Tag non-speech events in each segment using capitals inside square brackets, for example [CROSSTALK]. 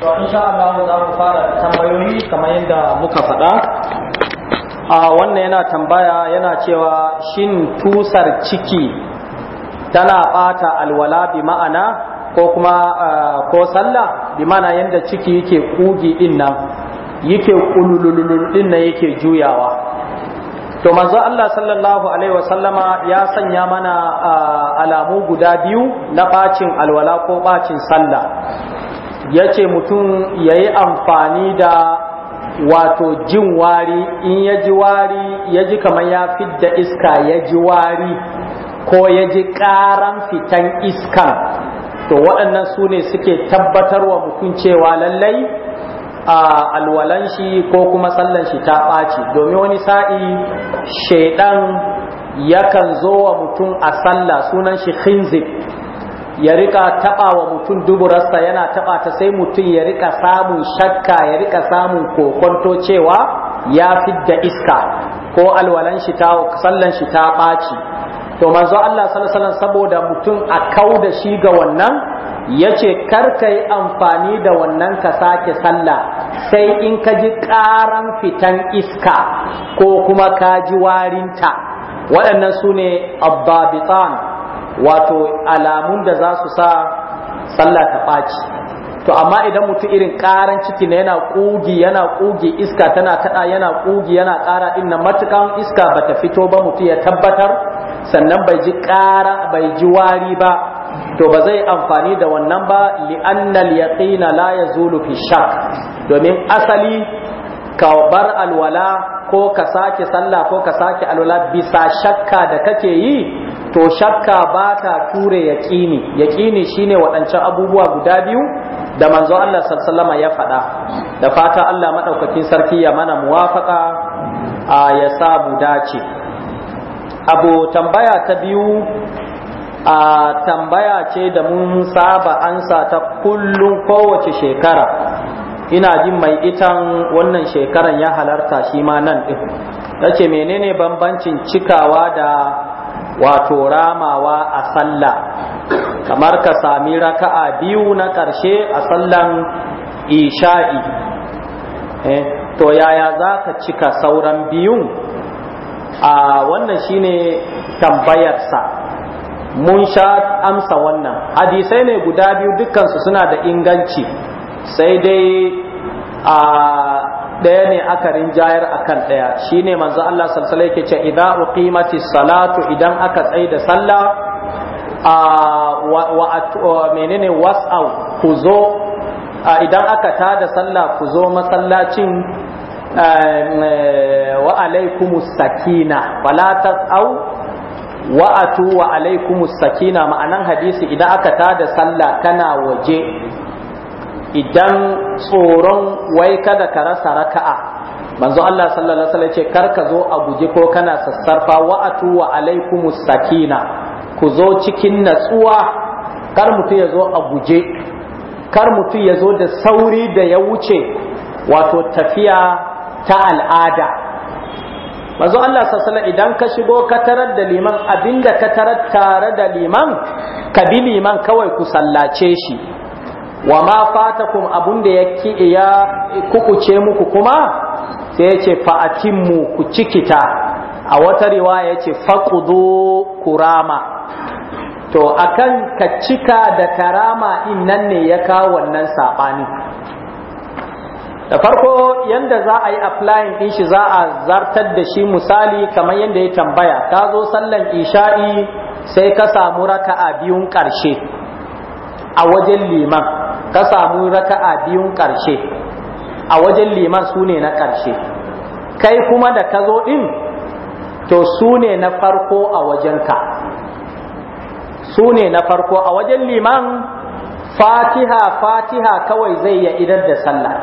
to insha Allah za mu fara tambayoyi kamar yadda muka faɗa a wannan yana tambaya yana cewa shin tusar ciki tana ɓata alwala bi ma'ana ko kuma ko sallah bi ma'ana yadda ciki yake kugi din nan yake kululululul din nan yake juyawa to manzo Allah sallallahu alaihi wasallama ya sanya mana alamu guda biyu na ɓacin alwala ko ɓacin sallah ya ce mutum ya yi amfani da wato jin wari in ya ji wari ya ji kamar ya fidda iska ya ji wari ko ya ji ƙaran fitan iska. to waɗannan su ne suke tabbatarwa mutum cewa lallai a alwalan shi ko kuma sallan shi ta ɓaci domin wani sa'i shaidan yakan zo wa mutum a sallah sunan shi khinzib ya rika taba wa mutum duburarsa yana taba ta sai mutum ya rika samun shakka ya rika samun kokonto cewa ya fidda iska ko alwalan shi ta sallan shi ta ɓaci to manzo Allah sallallahu alaihi saboda mutum a kauda shi ga wannan yace kar ka yi amfani da wannan ka sake sallah sai in ka ji ƙaran fitan iska ko kuma ka ji warinta waɗannan su ne abbabitan wato alamun da za su sa sallah ta ɓaci to amma idan mutum irin ƙaran ciki na yana ƙugi yana ƙugi iska tana kaɗa yana ƙugi yana ƙara ɗin na matuƙan iska ba ta fito ba mutum ya tabbatar sannan bai ji ƙara bai ji wari ba to ba zai amfani da wannan ba li'annal yaqina la yazulu fi shak domin asali ka bar alwala ko ka sake sallah ko ka sake alwala bisa shakka da kake yi to shakka ba ta ture yaƙini yaƙini shine waɗancan abubuwa guda biyu da manzo Allah sallama ya faɗa da fata Allah maɗaukakin sarki ya mana muwafaƙa a ya samu dace abu tambaya ta biyu a tambaya ce da mun saba ansa ta kullum kowace shekara ina jin mai itan wannan shekaran ya halarta shi ma nan ɗin yace menene bambancin cikawa da wato ramawa a sallah kamar ka sami raka'a biyu na ƙarshe a sallan isha'i eh, to yaya za ka cika sauran biyun a wannan shine tambayarsa mun sha amsa wannan hadisai ne guda biyu dukansu suna da inganci sai dai a ɗaya ne aka rinjayar akan ɗaya shine manzo Allah sallallahu alaihi wasallam idza uqimatis salatu idan aka tsai da sallah a wa menene was'au ku zo idan aka tada sallah ku zo masallacin e, wa alaikumus sakina wala tas'au wa atu wa alaikumus sakina ma'anan hadisi idan aka tada sallah kana waje idan tsoron wai kada ka rasa raka'a manzo Allah sallallahu alaihi wasallam ce kar ka zo a guje ko kana sassarfa wa'atu wa alaikumus sakina ku zo cikin natsuwa kar mutu ya zo a guje kar mutu ya zo da sauri da ya wuce wato tafiya ta al'ada manzo Allah sassala idan ka shigo ka tarar da liman abinda ka tarar tare da liman ka bi liman kawai ku sallace shi wa ma fatakum abun da ya kukuce muku kuma sai ya ce fa'atimmu ku cikita a wata riwaya ya ce faƙudu kurama to akan ka cika da karama in nan ne ya kawo wannan saɓani da farko yanda za a yi applying ɗin shi za a zartar da shi misali kamar yadda ya tambaya ka zo sallan isha'i sai ka samu a biyun karshe a wajen liman ka samu raka'a biyun ƙarshe a wajen liman su ne na ƙarshe kai kuma da ka zo ɗin to su ne na farko a wajenka su ne na farko a wajen liman fatiha fatiha kawai zai ya idar da sallah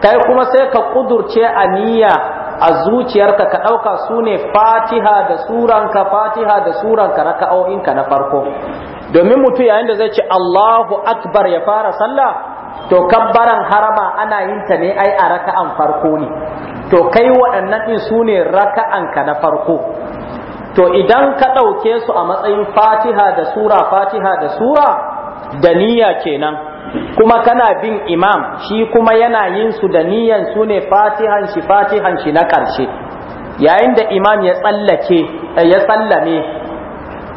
kai kuma sai ka ƙudurce a niyya a zuciyarka ka ɗauka su ne fatiha da suranka fatiha da suranka raka'o'inka na farko domin mutum yayin da zai ce Allahu akbar ya fara sallah to kabbaran harama ana yin ta ne ai a raka'an farko ne to kai waɗannan din su ne raka'an ka na farko to idan ka ɗauke su a matsayin fatiha da sura fatiha da sura da niyya kenan kuma kana bin imam shi kuma yana yin su da niyyan su ne fatihan shi fatihan shi na ƙarshe yayin da imam ya tsallake ya tsallame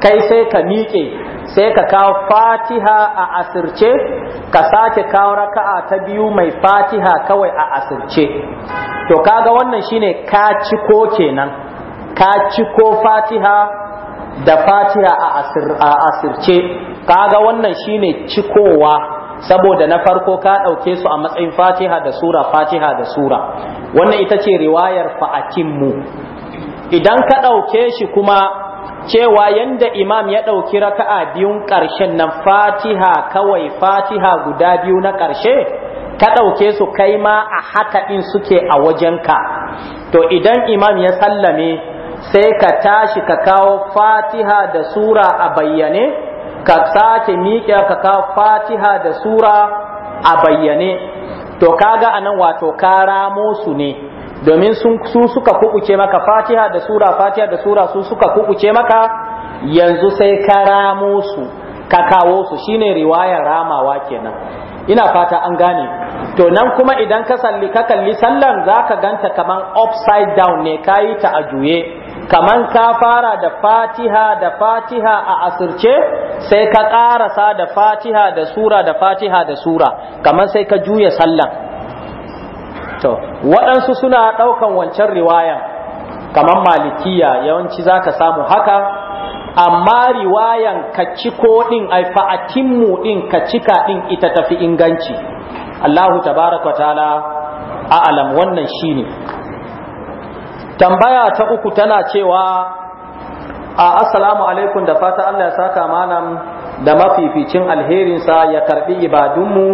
kai sai ka miƙe sai ka kawo fatiha a asirce ka sake kawo raka'a ta biyu mai fatiha kawai a asirce to kaga wannan shine ka ci ko kenan ka ci ko fatiha da fatiha a asirce kaga wannan shine cikowa saboda na farko ka ɗauke su a matsayin fatiha da sura fatiha da sura wannan ita ce riwayar mu idan ka ɗauke shi kuma cewa yanda imam ya ɗauki raka'a biyun ƙarshen nan fatiha kawai fatiha guda biyu na ƙarshe ka ɗauke su kai ma a haka in suke a wajenka to idan imam ya sallame sai ka tashi ka kawo fatiha da sura a bayyane ka sake miƙe ka kawo fatiha da sura a bayyane to kaga anan wato ka ramo su ne domin su suka kukuce maka fatiha da sura fatiha da sura su suka kukuce maka yanzu sai ka ramo su ka kawo su shine riwaya ramawa kenan ina fata an gane to nan kuma idan ka salli ka kalli sallan zaka ganta kaman upside down ne kayi ta a juye kaman ka fara da fatiha da fatiha a asirce sai ka karasa da fatiha da sura da fatiha da sura kaman sai ka juya sallan to waɗansu suna ɗaukan wancan riwayan kamar malikiya yawanci za ka samu haka amma riwayan ka ciko ɗin ai fa'atinmu ɗin ka cika ɗin ita tafi inganci Allahu baraka tala a a'alam wannan shi ne. tambaya ta uku tana cewa a assalamu alaikum da fata Allah ya saka malam da mafificin alherinsa ya karbi ibadunmu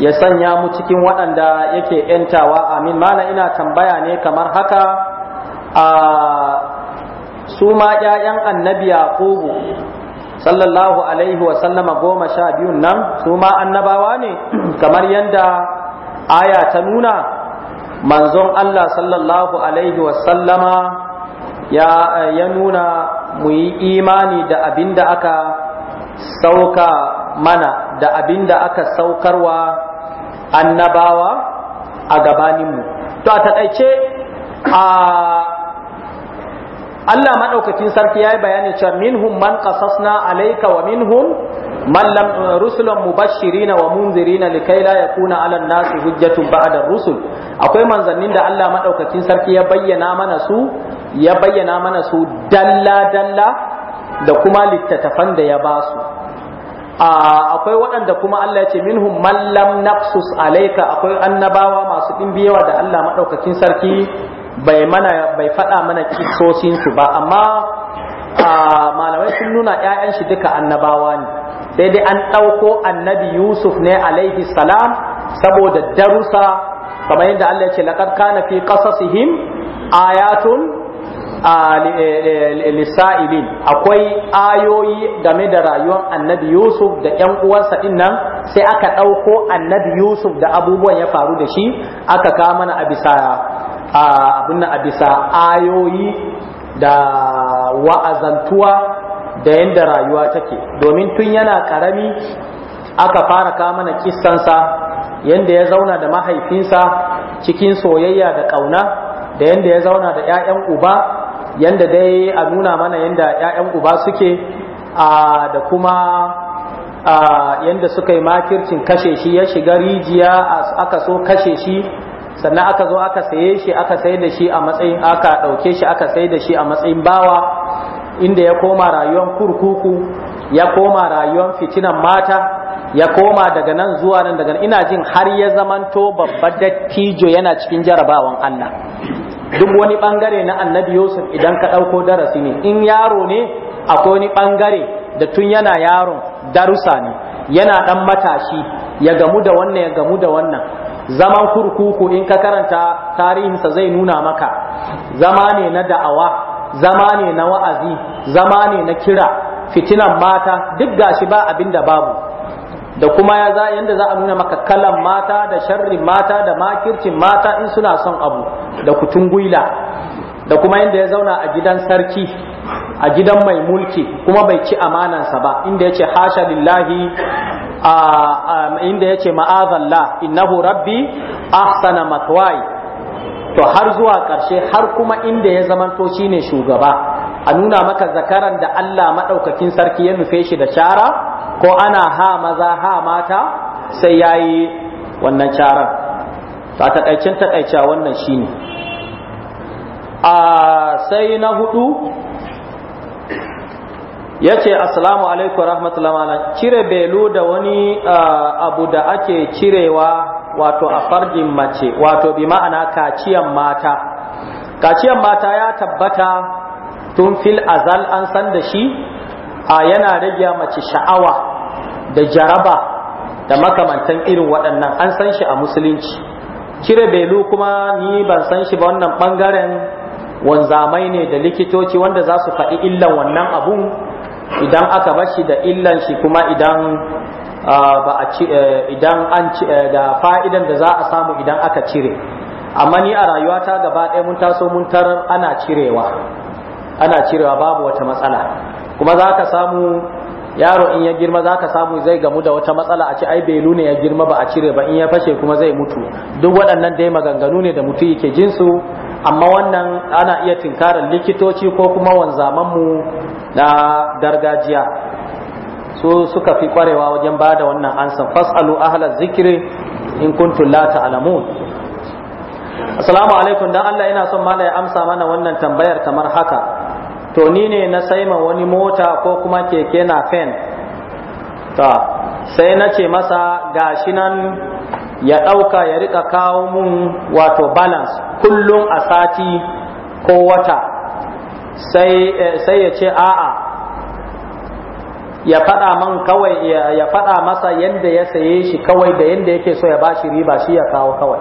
ya sanya mu cikin waɗanda yake ‘yantawa amin mana ina tambaya ne kamar haka a su ma ‘ya'yan annabi yaqubu sallallahu alaihi wasallama goma sha biyun nan su ma annabawa ne [CLEARS THROAT] kamar yadda aya ta nuna manzon Allah sallallahu alaihi wasallama ya nuna mu yi imani da abin da aka sauka mana da abin da aka saukarwa annabawa a gabaninmu to a taɗaice a Allah maɗaukakin sarki ya yi bayani cewa minhum man qasasna alayka wa minhum man lam rusulan mubashirina wa munzirina likai la yakuna ala nasi hujjatun ba'da rusul akwai manzannin da Allah maɗaukakin sarki ya bayyana mana su ya bayyana mana su dalla dalla da kuma littattafan da ya ba su akwai waɗanda kuma Allah ya ce minhum Nafsus nafsus akwai annabawa masu ɗimbi yawa da Allah madaukakin sarki bai mana bai faɗa mana kisosin su ba amma malamai sun nuna ƴaƴan shi duka annabawa ne sai dai an ɗauko annabi Yusuf ne alaihi salam saboda darusa kamar yadda Allah ya ce laqad kana fi qasasihim ayatun Eh, lisa'ilin akwai ayoyi game da rayuwar annabi yusuf da yan uwansa din sai aka ɗauko annabi yusuf da abubuwan ya faru da shi aka kama mana a bisa abin ayoyi da wa'azantuwa da yadda rayuwa take domin tun yana karami aka fara ka mana kissansa yadda ya zauna da mahaifinsa cikin soyayya da ƙauna da yadda ya zauna da 'ya'yan uba yanda dai a nuna mana yanda ‘ya'yan uba suke da kuma yanda suka yi makircin kashe shi ya shiga rijiya aka so kashe shi sannan aka zo aka saye shi aka sai da shi a matsayin aka ɗauke shi aka sai da shi a matsayin bawa inda ya koma rayuwar kurkuku ya koma rayuwar fitinan mata ya koma daga nan zuwa nan daga ina jin har ya zamanto babbar dattijo yana cikin jarabawan Allah duk wani bangare na annabi yusuf idan ka ɗauko darasi ne in yaro ne akwai wani bangare da tun yana yaron darusa ne yana ɗan matashi ya gamu da wannan ya gamu da wannan zaman kurkuku in ka karanta tarihinsa zai nuna maka zama ne na da'awa zama ne na wa'azi zama ne na kira fitinan mata duk gashi ba abin da babu da kuma ya za yanda za a nuna maka kalan mata da sharrin mata da makircin mata in suna son abu da kutun gwila da kuma yanda ya zauna a gidan sarki a gidan mai mulki kuma bai ci amanansa ba inda yace hasha lillahi inda yace ma'azallah innahu rabbi ahsana matwai to har zuwa ƙarshe har kuma inda ya zamanto shine shugaba a nuna maka zakaran da Allah maɗaukakin sarki ya nufe shi da shara ko ana ha maza ha mata sai ya yi wannan carar ta taƙaicin taƙaice wannan shine a sai na hudu ya ce assalamu alaikum rahmatullahi cire belu da wani abu da ake cirewa wato a farjin mace wato bi ma'ana kaciyan mata kaciyan mata ya tabbata tun fil azal an san da shi a yana rage mace sha'awa da jaraba da makamantan irin waɗannan an san shi a musulunci cire belu kuma ni ban san shi ba wannan ɓangaren wanzamai ne da likitoci wanda za su faɗi illan wannan abun idan aka bashi da illan shi kuma idan ba a ci eh, idan an ci eh, da fa'idan da za a samu idan aka cire amma ni a rayuwata gaba ɗaya mun taso mun tarar ana cirewa ana cirewa babu wata matsala kuma za ka samu yaro in ya girma za ka samu zai gamu da wata matsala a ci ai belu ne ya girma ba a cire ba in ya fashe kuma zai mutu duk waɗannan dai maganganu ne da mutu yake jinsu amma wannan ana iya tinkarar likitoci ko kuma wanzamanmu na gargajiya su suka fi kwarewa wajen ba da wannan ansan fasalu ahla zikiri in kuntum la ta'lamun assalamu alaikum dan Allah ina son mala ya amsa mana wannan tambayar kamar haka to ni ne na saima wani mota ko kuma keke na fen ta sai na ce masa gashi nan ya ɗauka ya rika kawo mun wato balance kullum a sati ko wata sai eh, ya ce a'a ya faɗa man kawai ya faɗa masa yadda ya saye shi kawai da yadda yake so ya bashi riba shi ya kawo kawai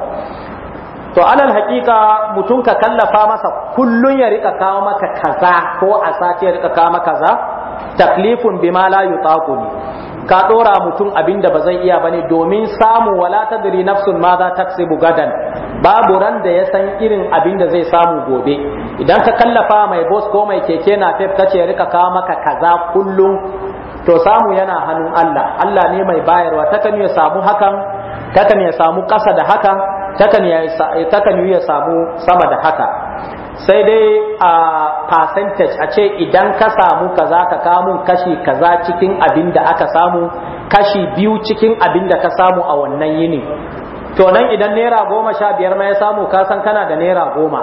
to alal hakika mutum ka kallafa masa kullun ya rika kawo maka kaza ko a sati ya rika kawo maka kaza taklifun bima la yutaqu ne ka dora mutum abinda ba zai iya bane domin samu wala tadri nafsun ma za taksibu gadan babu ran da ya san irin abinda zai samu gobe idan ka kallafa mai boss ko mai keke na tef kace ya rika kawo maka kaza kullun to samu yana hannun Allah Allah ne mai bayarwa takan ya samu hakan takan ya samu ƙasa da hakan. takan yi ya samu sama da haka sai dai a percentage a ce idan ka samu kaza ka kamun kashi kaza cikin abin da aka samu kashi biyu cikin abin da ka samu a wannan yini to nan idan naira goma sha biyar ma ya samu kasan kana da naira goma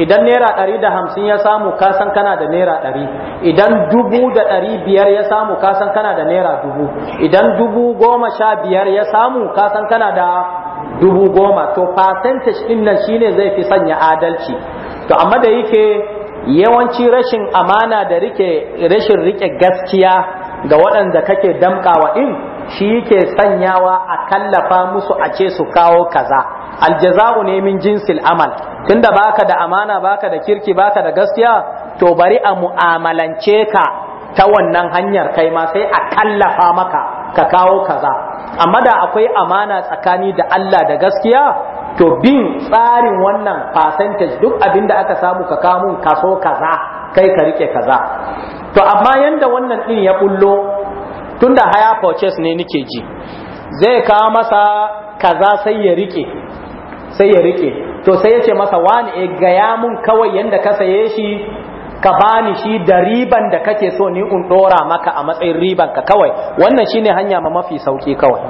idan naira ɗari da hamsin ya samu kasan kana da naira ɗari idan dubu da ɗari biyar ya samu kasan kana da naira dubu idan dubu goma sha biyar ya samu kasan kana da dubu goma to percentage din nan shine zai fi sanya adalci to amma da yake yawanci rashin amana da rike rashin rike gaskiya ga waɗanda kake damƙawa din shi yake sanyawa a kallafa musu a ce su kawo kaza aljaza'u ne min jinsil amal tunda baka da amana baka da kirki baka da gaskiya to bari a mu'amalance ka ta wannan hanyar kai ma sai a kallafa maka ka kawo kaza amma da akwai amana tsakani da Allah da gaskiya to bin tsarin wannan percentage duk abin da aka samu ka kamun kaso kaza kai ka rike kaza to amma yanda wannan din ya bullo tunda haya purchase ne nike ji zai kawo masa kaza sai ya rike sai ya rike to sai yace ce masa wani e eh, gaya mun kawai yanda ka saye shi ka bani shi da riban da kake so ni in dora maka a matsayin riban ka kawai wannan shine hanya ma mafi sauki kawai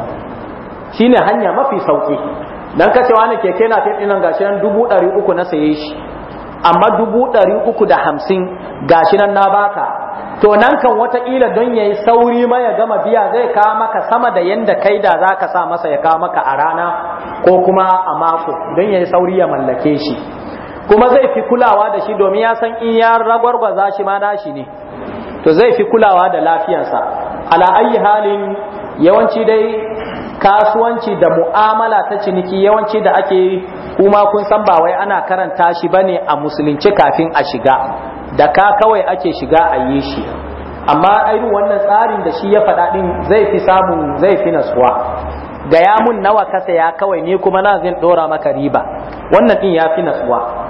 shine hanya mafi sauki dan cewa ne keke na fit dinan gashi nan dubu ɗari uku na saye shi amma dubu ɗari uku da hamsin gashi nan na baka to nan kan wataƙila don yayi sauri ma ya gama biya zai kawo maka sama da yanda kai da za ka sa masa ya kawo maka a rana ko kuma a mako don yayi sauri ya mallake shi kuma zai fi kulawa da shi domin ya san in ya ragwargwaza shi ma nashi ne to zai fi kulawa da lafiyarsa ala ayi halin yawanci dai kasuwanci da mu'amala ta ciniki yawanci da ake kuma kun san ba wai ana karanta shi bane a musulunci kafin a shiga da ka kawai ake shiga a yi shi amma irin wannan tsarin da shi ya faɗa ɗin zai fi samun zai fi nasuwa gaya mun nawa kasa ya kawai ne kuma na zan ɗora maka riba wannan ɗin ya fi nasuwa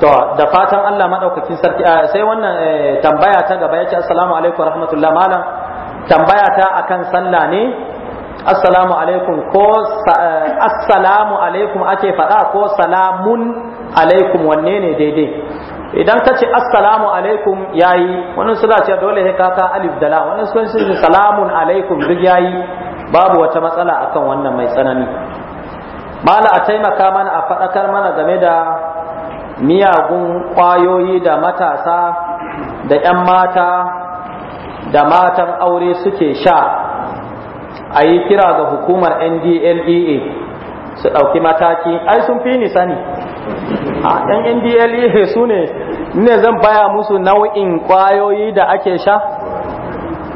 to da fatan Allah madaukakin sarki sai wannan eh, tambaya ta gaba yace assalamu alaikum rahmatullah malam tambaya ta akan sallah ne assalamu alaikum ko eh, assalamu alaikum ake faɗa ko salamun alaikum wanne ne daidai idan ka ce assalamu alaikum yayi wani suna ce dole sai ka ka alif dala wani sun ce salamun alaikum duk yayi babu wata matsala akan wannan mai tsanani mala a taimaka mana a faɗakar mana game da miyagun kwayoyi da matasa da 'yan mata da matan aure suke sha a yi kira ga hukumar ndlea su ɗauki mataki ai sun fi ni sani a ɗan ndlea su ne ne zan baya musu nau'in kwayoyi da ake sha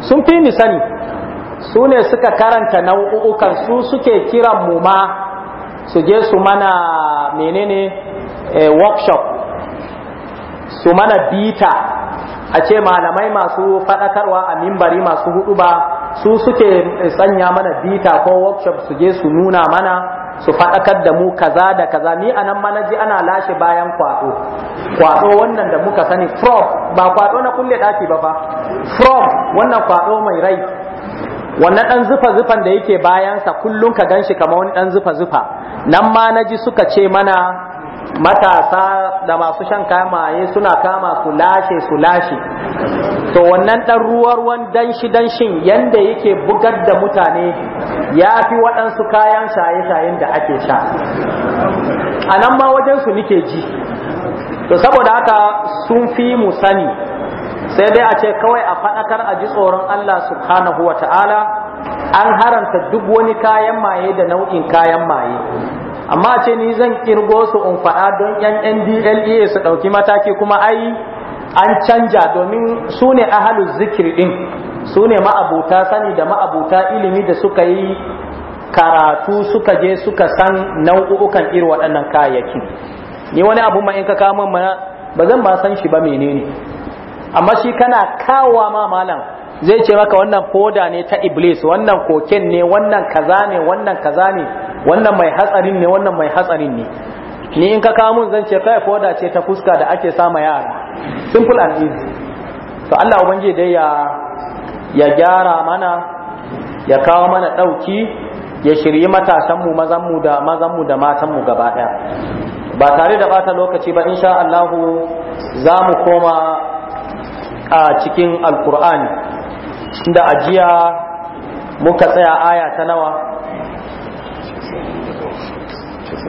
sun fi ni sani su ne suka karanta nau'ukan su suke kiran mu ma su je su mana menene Eh, workshop su mana bita a ce malamai masu faɗakarwa a mimbari masu hudu ba su suke sanya mana bita ko workshop su je su nuna mana su faɗakar da mu kaza da kaza ni a nan manaji ana lashe bayan kwaɗo kwaɗo wannan da muka sani frog ba kwaɗo na kulle ɗaki ba fa frog wannan kwaɗo mai rai wannan ɗan zufa zufan da yake bayansa kullum ka ganshi kamar wani ɗan zufa zufa nan ma naji suka ce mana matasa da masu shan kamaye suna kama su lashe su lashe to wannan ɗan ruwan danshi danshin yanda yake bugar da mutane ya fi waɗansu kayan shaye-shayen da ake sha a nan ma wajensu nike ji to saboda haka sun fi mu sani sai dai a ce kawai a faɗakar a ji tsoron Allah subhanahu wa ta'ala an haranta duk wani kayan maye da nau'in kayan maye amma ce ni zan kirgo su in faɗa don yan ndla e su ɗauki mataki kuma ai an canja domin su ne ahalu zikiri ɗin su ne ma'abuta sani da ma'abuta ilimi da suka yi karatu suka je suka san nau'ukan irin waɗannan kayayyaki ni wani abu ma in ka kawo min ba zan ba san shi ba menene amma shi kana kawowa ma malam zai ce maka wannan foda ne ta iblis wannan koken ne wannan kaza ne wannan kaza ne wannan mai hatsarin ne wannan mai hatsarin ne ni in ka kawo mun zan ce kai foda ce ta fuska da ake sama yara simple and easy to Allah ubangiji dai ya ya gyara mana ya kawo mana dauki ya shirye matasan mu mazan mu da mazan mu da matan mu gaba daya ba tare da bata lokaci ba insha Allah za mu koma a cikin alkur'ani da ajiya muka tsaya aya ta nawa 97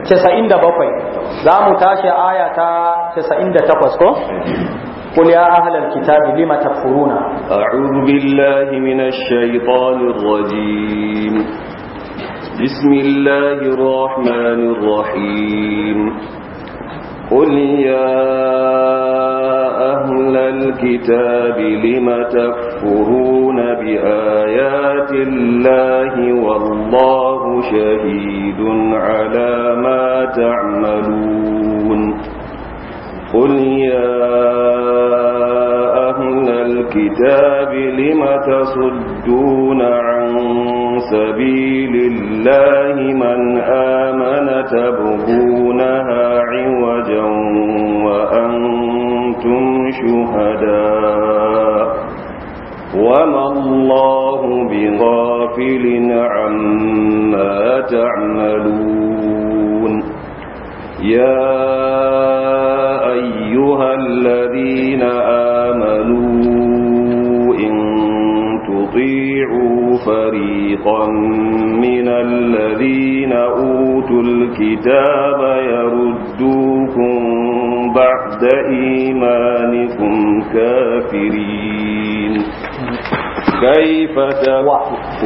za mu tashi aya ta 98 ko قل يا أهل الكتاب لم تكفرون أعوذ بالله من الشيطان الرجيم بسم الله الرحمن الرحيم قل يا أهل الكتاب لم تكفرون بآيات الله والله شهيد على ما تعملون قل يا أهل الكتاب لم تصدون عن سبيل الله من آمن تبغونها عوجا وأنتم شهداء وما الله بغافل عما تعملون يا أيها الذين آمنوا إن تطيعوا فريقا من الذين أوتوا الكتاب يردوكم بعد إيمانكم كافرين كيف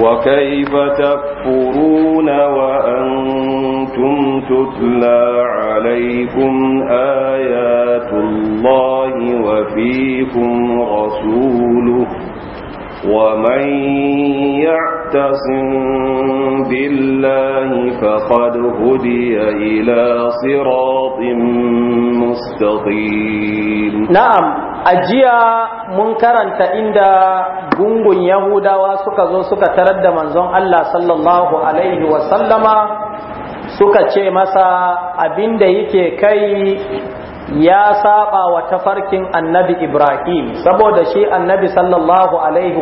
وكيف تكفرون وأنتم تتلى عليكم آيات الله وفيكم رسوله ومن يعتصم بالله فقد هدي إلى صراط مستقيم نعم ajiya mun karanta inda gungun yahudawa suka zo suka tarar da manzon Allah sallallahu alaihi suka ce masa abinda yake kai ya saba wa tafarkin annabi ibrahim saboda shi annabi sallallahu alaihi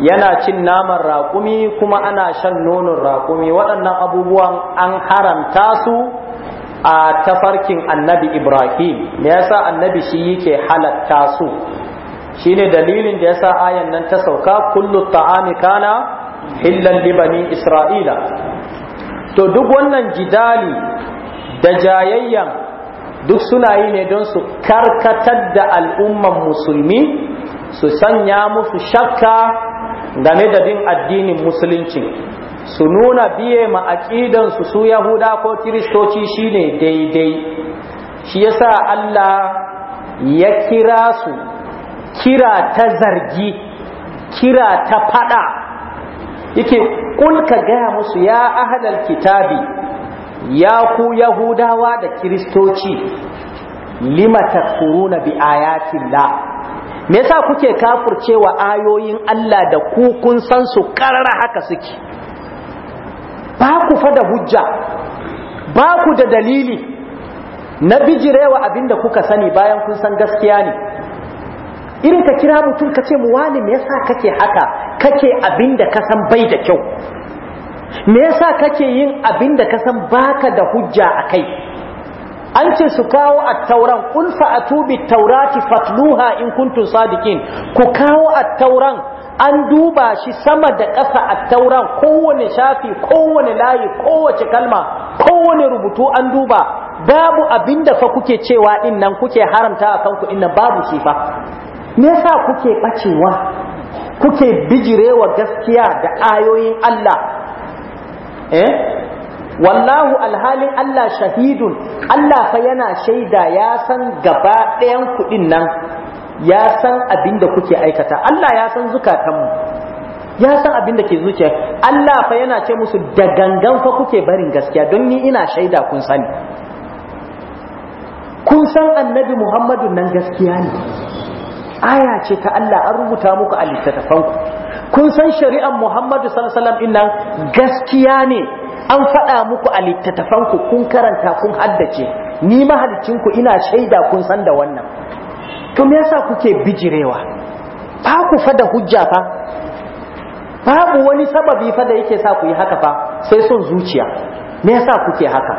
yana cin naman raƙumi kuma ana shan nonon raƙumi waɗannan abubuwan an haramta su a tafarkin annabi ibrahim me yasa annabi shi yake halatta su shine dalilin da yasa ayan nan ta sauka kullu ta'ami kana hillan li isra'ila to duk wannan jidali da jayayyan duk suna yi ne don su karkatar da al'umman musulmi su sanya musu shakka game da din addinin musulunci su nuna biye ma aƙidan su su yahuda ko kiristoci shine daidai shi yasa Allah ya kira su kira ta zargi kira ta fada yake kulka gaya musu ya ahlal kitabi ya ku yahudawa da kiristoci lima takfuruna bi ayatillah me yasa kuke kafurcewa ayoyin Allah da ku kun san su karara haka suke ba ku fa da hujja ba ku da dalili na bijirewa abinda kuka sani bayan kun san gaskiya ne irin ka kira mutum ka ce muwali me yasa kake haka kake abinda ka san bai da kyau me yasa kake yin abinda ka san baka da hujja a kai? an ce su kawo a attauran qul a tubi taurati fatluha in kuntun sadikin ku kawo a tauran an duba shi sama da ƙasa a tauran kowane shafi kowane layi kowace kalma kowane rubutu an duba babu abinda fa kuke cewa in nan kuke haramta a ku inna babu shi fa me yasa kuke bacewa kuke bijirewa gaskiya da ayoyin Allah eh wallahu alhalin Allah shahidun Allah fa yana shaida ya san gaba ɗayan kuɗin nan ya san abin da kuke aikata Allah ya san zukatanmu ya san abin da ke zuciya Allah fa yana ce musu da gangan fa kuke barin gaskiya don ni ina shaida kun sani kun san annabi Muhammadu nan gaskiya ne aya ce ta Allah an rubuta muku a littattafanku kun san shari'ar Muhammadu sallallahu alaihi wasallam gaskiya ne an faɗa muku a littattafanku kun karanta kun haddace ni ku ina shaida kun san da wannan to me yasa kuke bijirewa ba ku fada hujja fa babu wani sababi fa da yake sa ku yi haka fa sai son zuciya me yasa kuke haka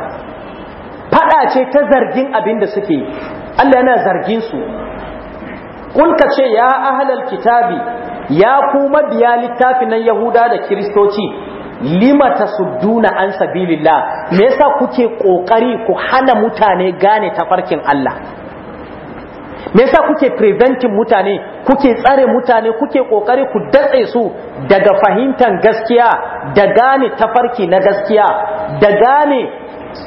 Faɗa ce ta zargin abin da suke Allah yana zargin su kun ka ce ya ahlal kitabi ya kuma biya littafin nan yahuda da kiristoci lima tasudduna an sabilillah me yasa kuke kokari ku hana mutane gane tafarkin Allah me yasa kuke preventing mutane kuke tsare mutane kuke kokari ku datse su daga fahimtar gaskiya da gane tafarki na gaskiya da gane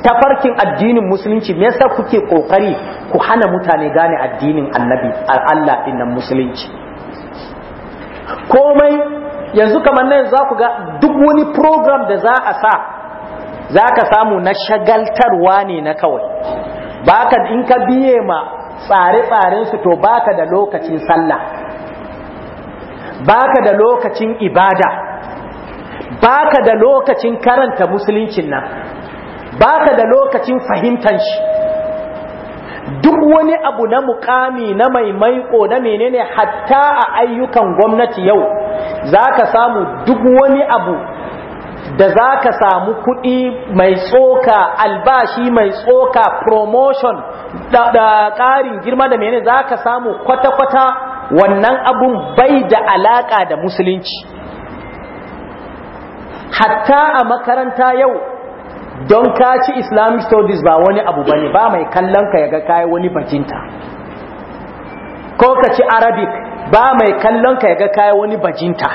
tafarkin addinin musulunci me yasa kuke kokari ku hana mutane gane addinin annabi Allah dinnan musulunci komai yanzu kamar nan za ku ga duk wani program da za a sa za ka samu na shagaltarwa ne na kawai ba ka in ka biye ma tsare-tsarensu to ba ka da lokacin sallah ba ka da lokacin ibada ba ka da lokacin karanta musuluncin nan ba ka da lokacin fahimtar shi duk wani abu na mukami na mai maiƙo na menene hatta a ayyukan gwamnati yau za ka samu duk wani abu da za ka samu kuɗi mai tsoka albashi mai tsoka promotion da ƙarin girma da menene za ka samu kwata-kwata wannan abun bai da alaƙa da musulunci hatta a makaranta yau don ka ci islamic studies ba wani abu ba ba mai kallon ka yaga kayi wani bajinta ko ka ci arabic ba mai kallon ka yaga kayi wani bajinta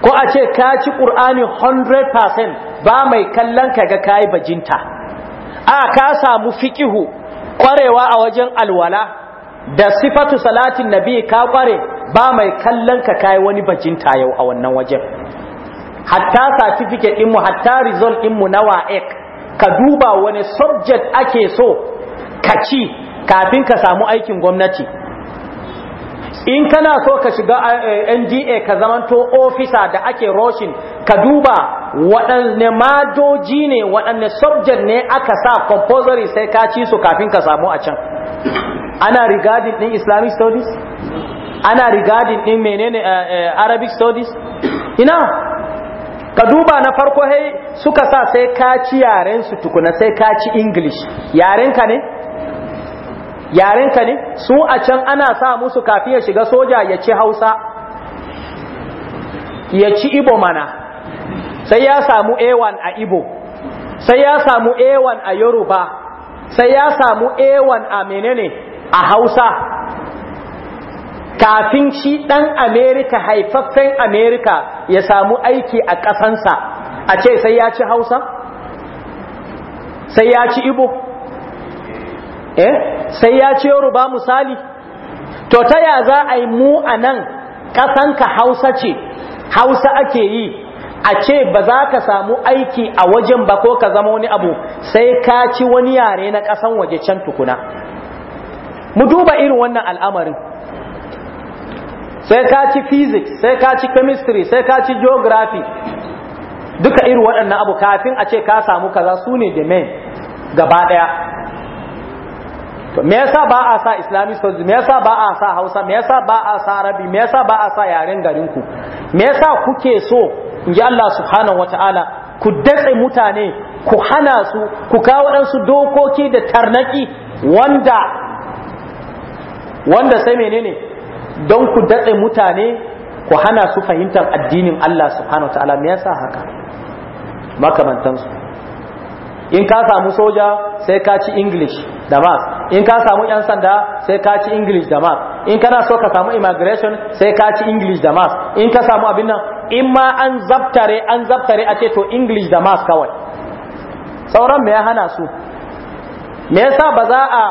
ko a ce ka ci ƙur'ani 100% ba mai kallon ka yaga kayi bajinta a ka samu fikihu kwarewa a wajen alwala da sifatu salatin nabi ka kware ba mai kallon ka kayi wani bajinta yau a wannan wajen hatta certificate ɗinmu hatta result ɗinmu na wa'ek ka duba wani subject ake so ka ci kafin ka samu aikin gwamnati in kana so ka shiga eh, nda ka zamanto ofisa da ake roshin ka duba waɗanne madoji ne waɗanne subject ne aka sa compulsory sai ka ci su kafin ka samu a can ana regarding din islamic studies ana regarding din menene eh, eh, arabic studies ina ka duba na farko hai suka sa sai ka ci yaren su tukuna sai kaci ci english yarenka ne ka ne su a can ana sa musu kafin ya shiga soja ya ci hausa ya ci ibo mana sai ya samu a1 a ibo sai ya samu a1 a yoruba sai ya samu a1 a menene a hausa kafin shi ɗan amerika haifaffen amerika ya samu aiki a ƙasansa a ce sai ya ci hausa sai ya ci ibo eh sai ya ci yoruba misali to ta ya za a yi mu a nan ƙasanka hausa ce hausa ake yi a ce ba za ka samu aiki a wajen ba ko ka zama wani abu sai ka ci wani yare na ƙasan waje can tukuna mu duba irin wannan al'amarin sai ka ci physics sai ka ci chemistry sai ka ci geography duka irin waɗannan abu kafin a ce ka samu kaza su ne da main gaba ɗaya me yasa ba a sa islamic me yasa ba a sa hausa me yasa ba a sa arabi me yasa ba a sa yaren garin ku me yasa kuke so in ji Allah subhanahu wataala ku datse mutane ku hana su ku kawo waɗansu dokoki da tarnaki wanda wanda sai menene ne don ku daɗe mutane ku hana su fahimtar addinin Allah subhanahu wa ta'ala me yasa haka makamantansu in ka samu soja sai ka ci english da math in ka samu yan sanda sai ka ci english da math in kana so ka samu immigration sai ka ci english da math in ka samu abin nan in ma an zabtare an zabtare a to english da math kawai sauran me ya hana su me yasa ba za a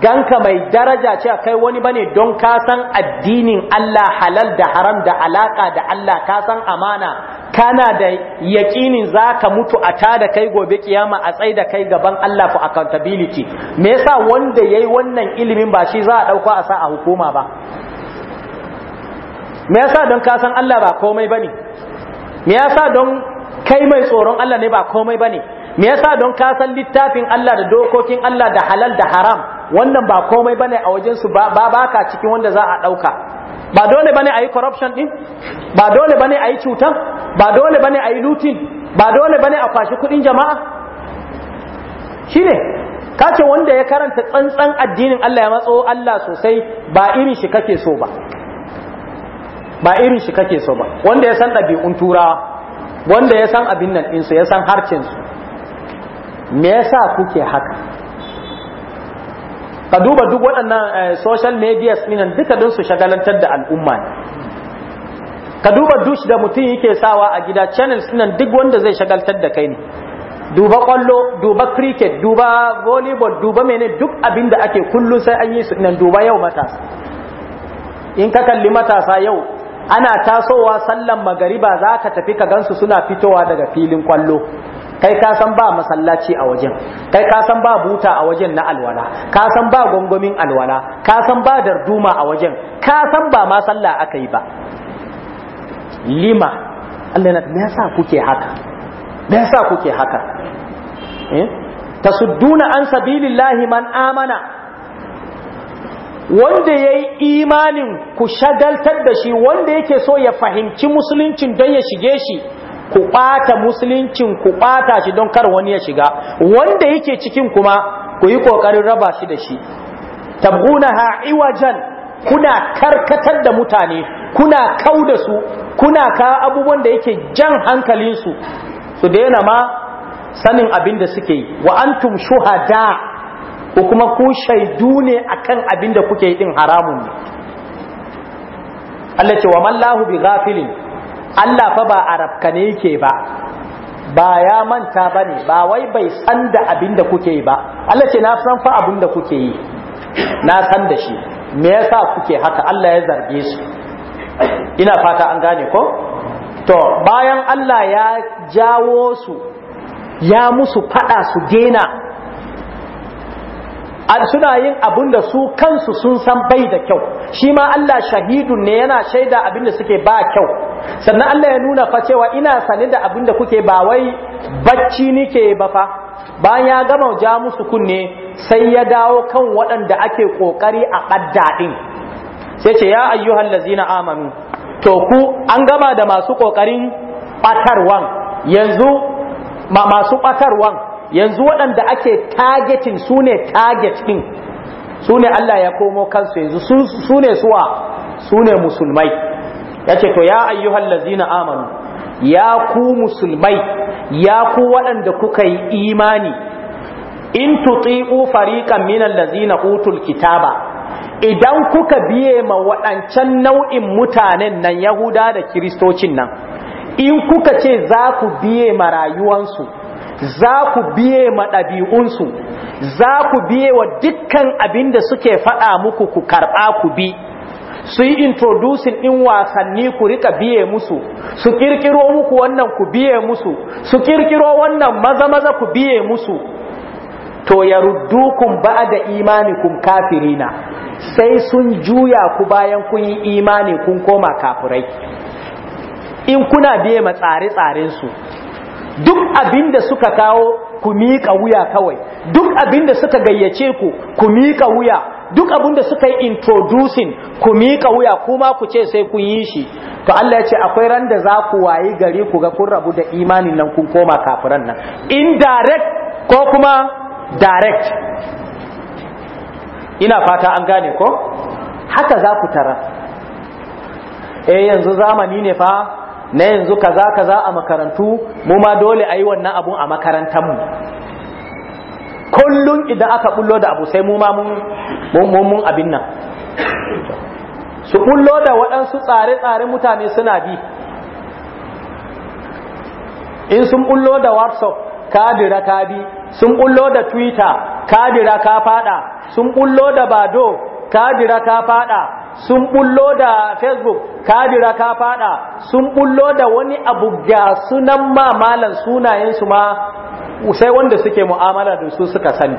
ganka mai daraja ce kai wani bane don kasan addinin Allah halal da haram da alaka da Allah kasan amana kana da yakinin zaka mutu a tada kai gobe kiyama a tsayi da kai gaban Allah for accountability me yasa wanda yayi wannan ilimin ba shi za a dauko a sa a hukuma ba me yasa don kasan Allah ba komai bane me yasa don kai mai tsoron Allah ne ba komai bane me yasa don kasan littafin Allah da dokokin Allah da halal da haram wannan ba komai bane a wajen su ba ba cikin wanda za a dauka ba dole bane ayi corruption din ba dole bane ayi cuta ba dole bane ayi looting ba dole bane a kwashi kudin jama'a shine kace wanda ya karanta tsantsan addinin Allah ya matso Allah sosai ba irin shi kake so ba ba irin shi kake so ba wanda ya san ɗabi'un turawa wanda ya san abin nan ɗinsu ya san su. me yasa kuke haka ka duba duk waɗannan eh, social media minan duka don su shagalantar da al'umma ne ka duba dush da mutum yake sawa a gida channel sinan duk wanda zai shagaltar da kai ne duba kwallo duba cricket duba volleyball duba mene duk abin da ake kullum sai an yi su nan duba yau matasa in ka kalli matasa yau ana tasowa sallan magariba za ka tafi ka gansu suna fitowa daga filin kwallo kai ka san ba masallaci a wajen kai ka san ba buta a wajen na alwala ka san ba gongomin alwala ka san ba darduma a wajen ka san ba ma sallah aka yi ba lima Allah na me yasa kuke haka me yasa kuke haka eh tasudduna an sabilillahi man amana wanda ya yi imanin ku shagaltar da shi wanda yake so ya fahimci musuluncin don ya shige shi ku ɓata musuluncin ku ɓata shi don kar wani ya shiga wanda yake cikin kuma ku yi ƙoƙarin raba shi da shi ha iwajen kuna karkatar da mutane kuna kau da su kuna ka abubuwan da yake jan hankalinsu su daina ma sanin abin da suke yi wa antum shuhada ko kuma ku shaidu ne akan abin da kuke yi din haramun ne Allah ce wa mallahu bi ghafilin Allah fa ba arabka ne yake ba ba ya manta bane ba wai bai san da abin da kuke yi ba Allah ce na san fa abin da kuke yi na san da shi me yasa kuke haka Allah ya zarge su ina fata an gane ko to bayan Allah ya jawo su ya musu fada su dena suna yin abin da su kansu sun san bai da kyau shi ma Allah shahidun ne yana shaida abin da suke ba kyau sannan Allah ya nuna fa cewa ina sane da abin da kuke ba wai bacci nike ba fa bayan ya gama ja musu kunne sai ya dawo kan waɗanda ake kokari a ƙaddaɗin sai ce ya ayyuhan lazina amanu to ku an gama da masu kokarin ɓatarwan yanzu masu ɓatarwan yanzu waɗanda ake targeting su ne target ɗin su ne Allah ya komo kansu yanzu su ne suwa su ne musulmai ya ce to ya ayyuhal lazina amanu ya ku musulmai ya ku waɗanda kuka yi imani in tuti'u fariqan minal lazina utul kitaba idan kuka biye ma waɗancan nau'in mutanen nan yahuda da kiristocin nan in kuka ce za ku biye ma rayuwansu za ku biye ma ɗabi'unsu za ku biye wa dukkan abin da suke faɗa muku ku karɓa ku bi su yi introducing ɗin wasanni ku rika biye musu su ƙirƙiro muku wannan ku biye musu su ƙirƙiro wannan maza-maza ku biye musu to ya ruddukun ba da kun kafirina sai sun juya ku bayan kun yi imani kun koma kafirai in kuna biye ma tsare-tsarensu duk abin da suka kawo ku miƙa wuya kawai duk abin da suka gayyace ku ku miƙa wuya duk abin da suka yi introducing ku miƙa wuya kuma ku ce sai kun yi shi to Allah ya ce akwai ran da za ku wayi gari ku ga kun rabu da imanin nan kun koma kafiran nan indirect ko kuma direct ina fata an gane ko haka za ku tara eh yanzu zamani ne fa na yanzu kaza kaza a makarantu mu ma dole a yi wannan abun a makarantar mu kullum idan aka bullo da abu sai mu ma mun abin nan su bullo da waɗansu tsare-tsare mutane suna bi in sun bullo da whatsapp kadira ka bi sun bullo da twitter kadira ka fada sun bullo da bado kadira ka fada sun bullo da facebook kabira ka fada sun bullo da wani abu ga sunan mamalan sunayensu ma sai wanda suke mu'amala da su suka sani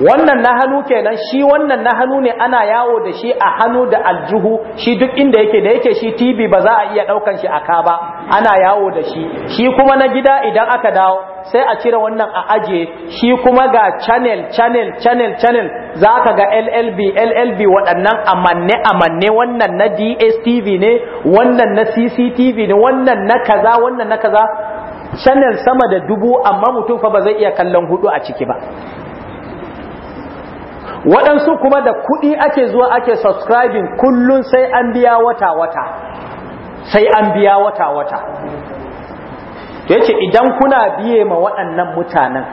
wannan na hannu kenan shi wannan na hannu ne ana yawo da shi a hannu da aljihu shi duk inda yake da yake shi TV ba za a iya daukan shi a ka ba ana yawo da shi shi kuma na gida idan aka dawo sai a cire wannan a aje shi kuma ga channel channel channel channel za ka ga LLB LLB waɗannan amanne amanne wannan na DSTV ne wannan na CCTV ne wannan na kaza wannan na kaza channel sama da dubu amma mutum fa ba zai iya kallon hudu a ciki ba waɗansu kuma da kuɗi ake zuwa ake subscribing kullum sai an biya wata-wata sai an biya wata-wata to yace idan kuna biye ma waɗannan mutanen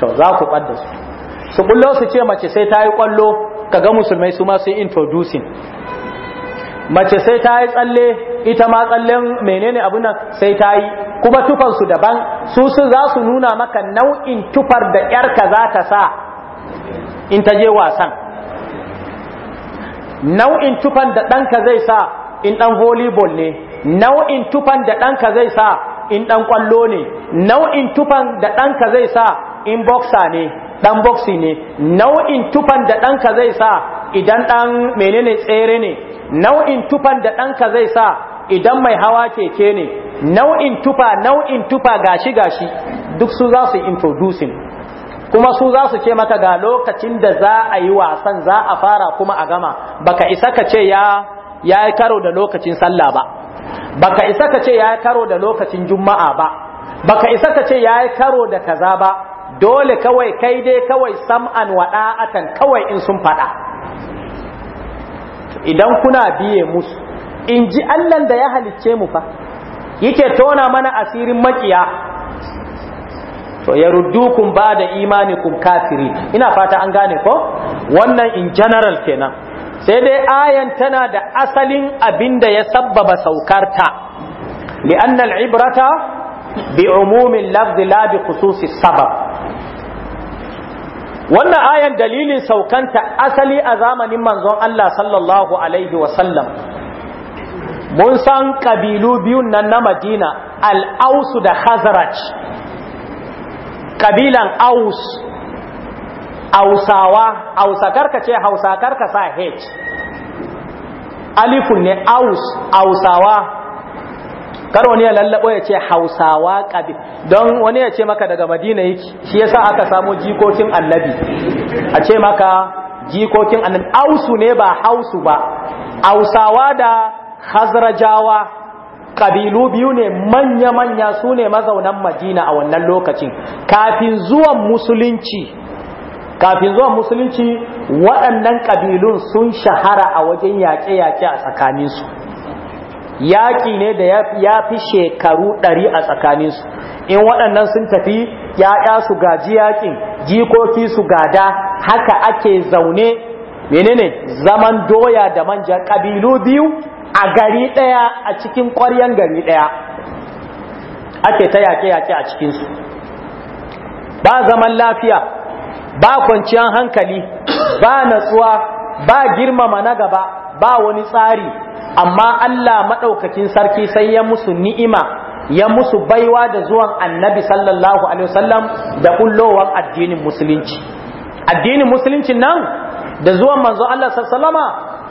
to za ku ɓadda su su ɓullo su ce mace sai ta yi ƙwallo ka ga musulmai su ma introducing mace sai ta yi tsalle ita ma tsallen menene abu nan sai ta yi kuma tufansu daban su su za su nuna maka nau'in tufar da 'yarka za ta sa in ta je wasan nau'in tufan da ɗanka zai sa in ɗan volleyball ne nau'in tufan da ɗanka zai sa in ɗan ƙwallo ne nau'in tufan da ɗanka zai sa in boxer ne ɗan boxi ne nau'in tufan da ɗanka zai sa idan ɗan menene tsere ne nau'in tufan da ɗanka zai sa idan mai hawa keke ne nau'in tufa nau'in tufa gashi gashi duk su za su introducing kuma su za su ce maka ga lokacin da za a yi wasan za a fara kuma a gama baka isa ka ce ya ya yi karo da lokacin sallah ba baka isa ka ce ya yi karo da lokacin juma'a ba baka isa ka ce ya yi karo da kaza ba dole kawai kai dai kawai sam'an akan kawai in sun faɗa idan kuna biye musu in ji allan da ya halicce mu fa yake tona mana asirin maƙiya. to yaruddukum ba'da imanikum kafiri ina fata an gane ko wannan in general kenan sai dai ayan tana da asalin abinda ya sabbaba saukarta li'anna al'ibrata bi umumin lafzi la bi khususi sabab wannan ayan dalilin saukanta asali a zamanin manzon Allah sallallahu alaihi Wasallam, mun san kabilu biyun nan na Madina al da Khazraj kabilan aus ausawa ausakar karka ce hausakar karka sa h alifun ne aus ausawa kar wani ya lallabo ya ce hausawa kabi don wani ya ce maka daga madina yake shi yasa aka samo jikokin annabi a ce maka jikokin annabi ausu ne ba hausu ba ausawa da hazrajawa ƙabilu biyu ne manya-manya su ne mazaunan madina a wannan lokacin kafin zuwan musulunci kafin zuwan musulunci waɗannan ƙabilun sun shahara a wajen yaƙe-yaƙe a tsakaninsu yaƙi ne da ya fi shekaru ɗari a tsakaninsu in waɗannan sun tafi ‘ya'ya su gaji yaƙin jikoki su gada haka ake zaune menene zaman doya da manja ƙabilu biyu a gari ɗaya a cikin ƙwaryan gari ɗaya ake ta yaƙe-yaƙe a cikin su. ba zaman lafiya ba kwanciyar hankali ba natsuwa ba girmama na gaba ba wani tsari amma Allah maɗaukakin sarki sai ya musu ni'ima ya musu baiwa da zuwan annabi sallallahu alaihi wasallam da kullowar addinin musulunci addinin musulunci nan da zuwan manzo Allah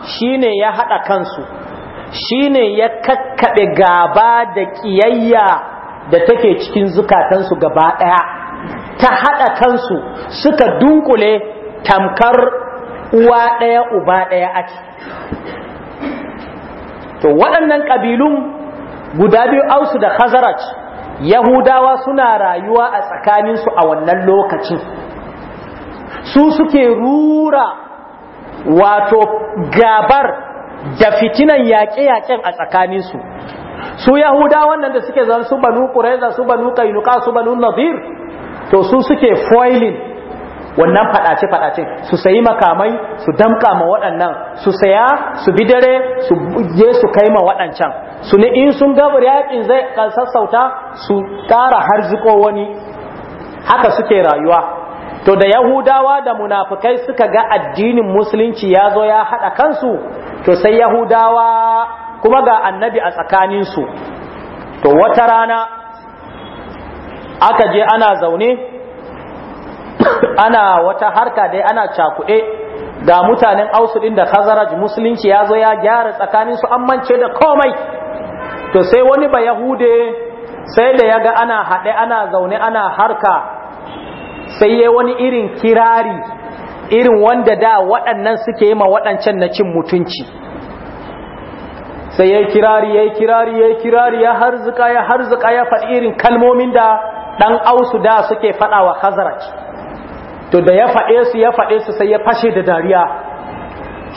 shi ne ya haɗa kansu shine ya kakkaɓe gaba da ƙiyayya da take cikin zukatansu gaba ɗaya ta haɗa kansu suka dunkule tamkar uwa ɗaya uba ɗaya ake to waɗannan ƙabilun guda biyu ausu da khazaraj yahudawa suna rayuwa a tsakaninsu a wannan lokacin su suke rura wato gabar da fitinan yaƙe-yaƙen a tsakaninsu su yahuda wannan da suke zan su banu ƙuraiza su banu kainuka su banu nazir to su suke foilin wannan faɗace-faɗace su sayi makamai su damƙa ma waɗannan su saya su bi dare su je su kai ma waɗancan su ne in sun gabar yaƙin zai sassauta su ƙara harziko wani haka suke rayuwa to da yahudawa da munafukai suka ga addinin musulunci ya zo ya haɗa kansu to sai yahudawa kuma ga annabi a tsakaninsu to wata rana aka je ana zaune [COUGHS] ana wata harka dai ana cakuɗe ga mutanen ausu ɗin da khazaraj musulunci ya zo ya gyara tsakaninsu an da komai to sai wani ba yahude sai da ya ga ana haɗe ana zaune ana harka sai yayi wani irin kirari irin wanda da waɗannan suke yi ma waɗancan na cin mutunci sai yayi kirari yayi kirari yayi kirari ya harzuka ya harzuka ya faɗi irin kalmomin da ɗan ausu da suke faɗawa wa khazraj to da ya faɗe su ya faɗe su sai ya fashe da dariya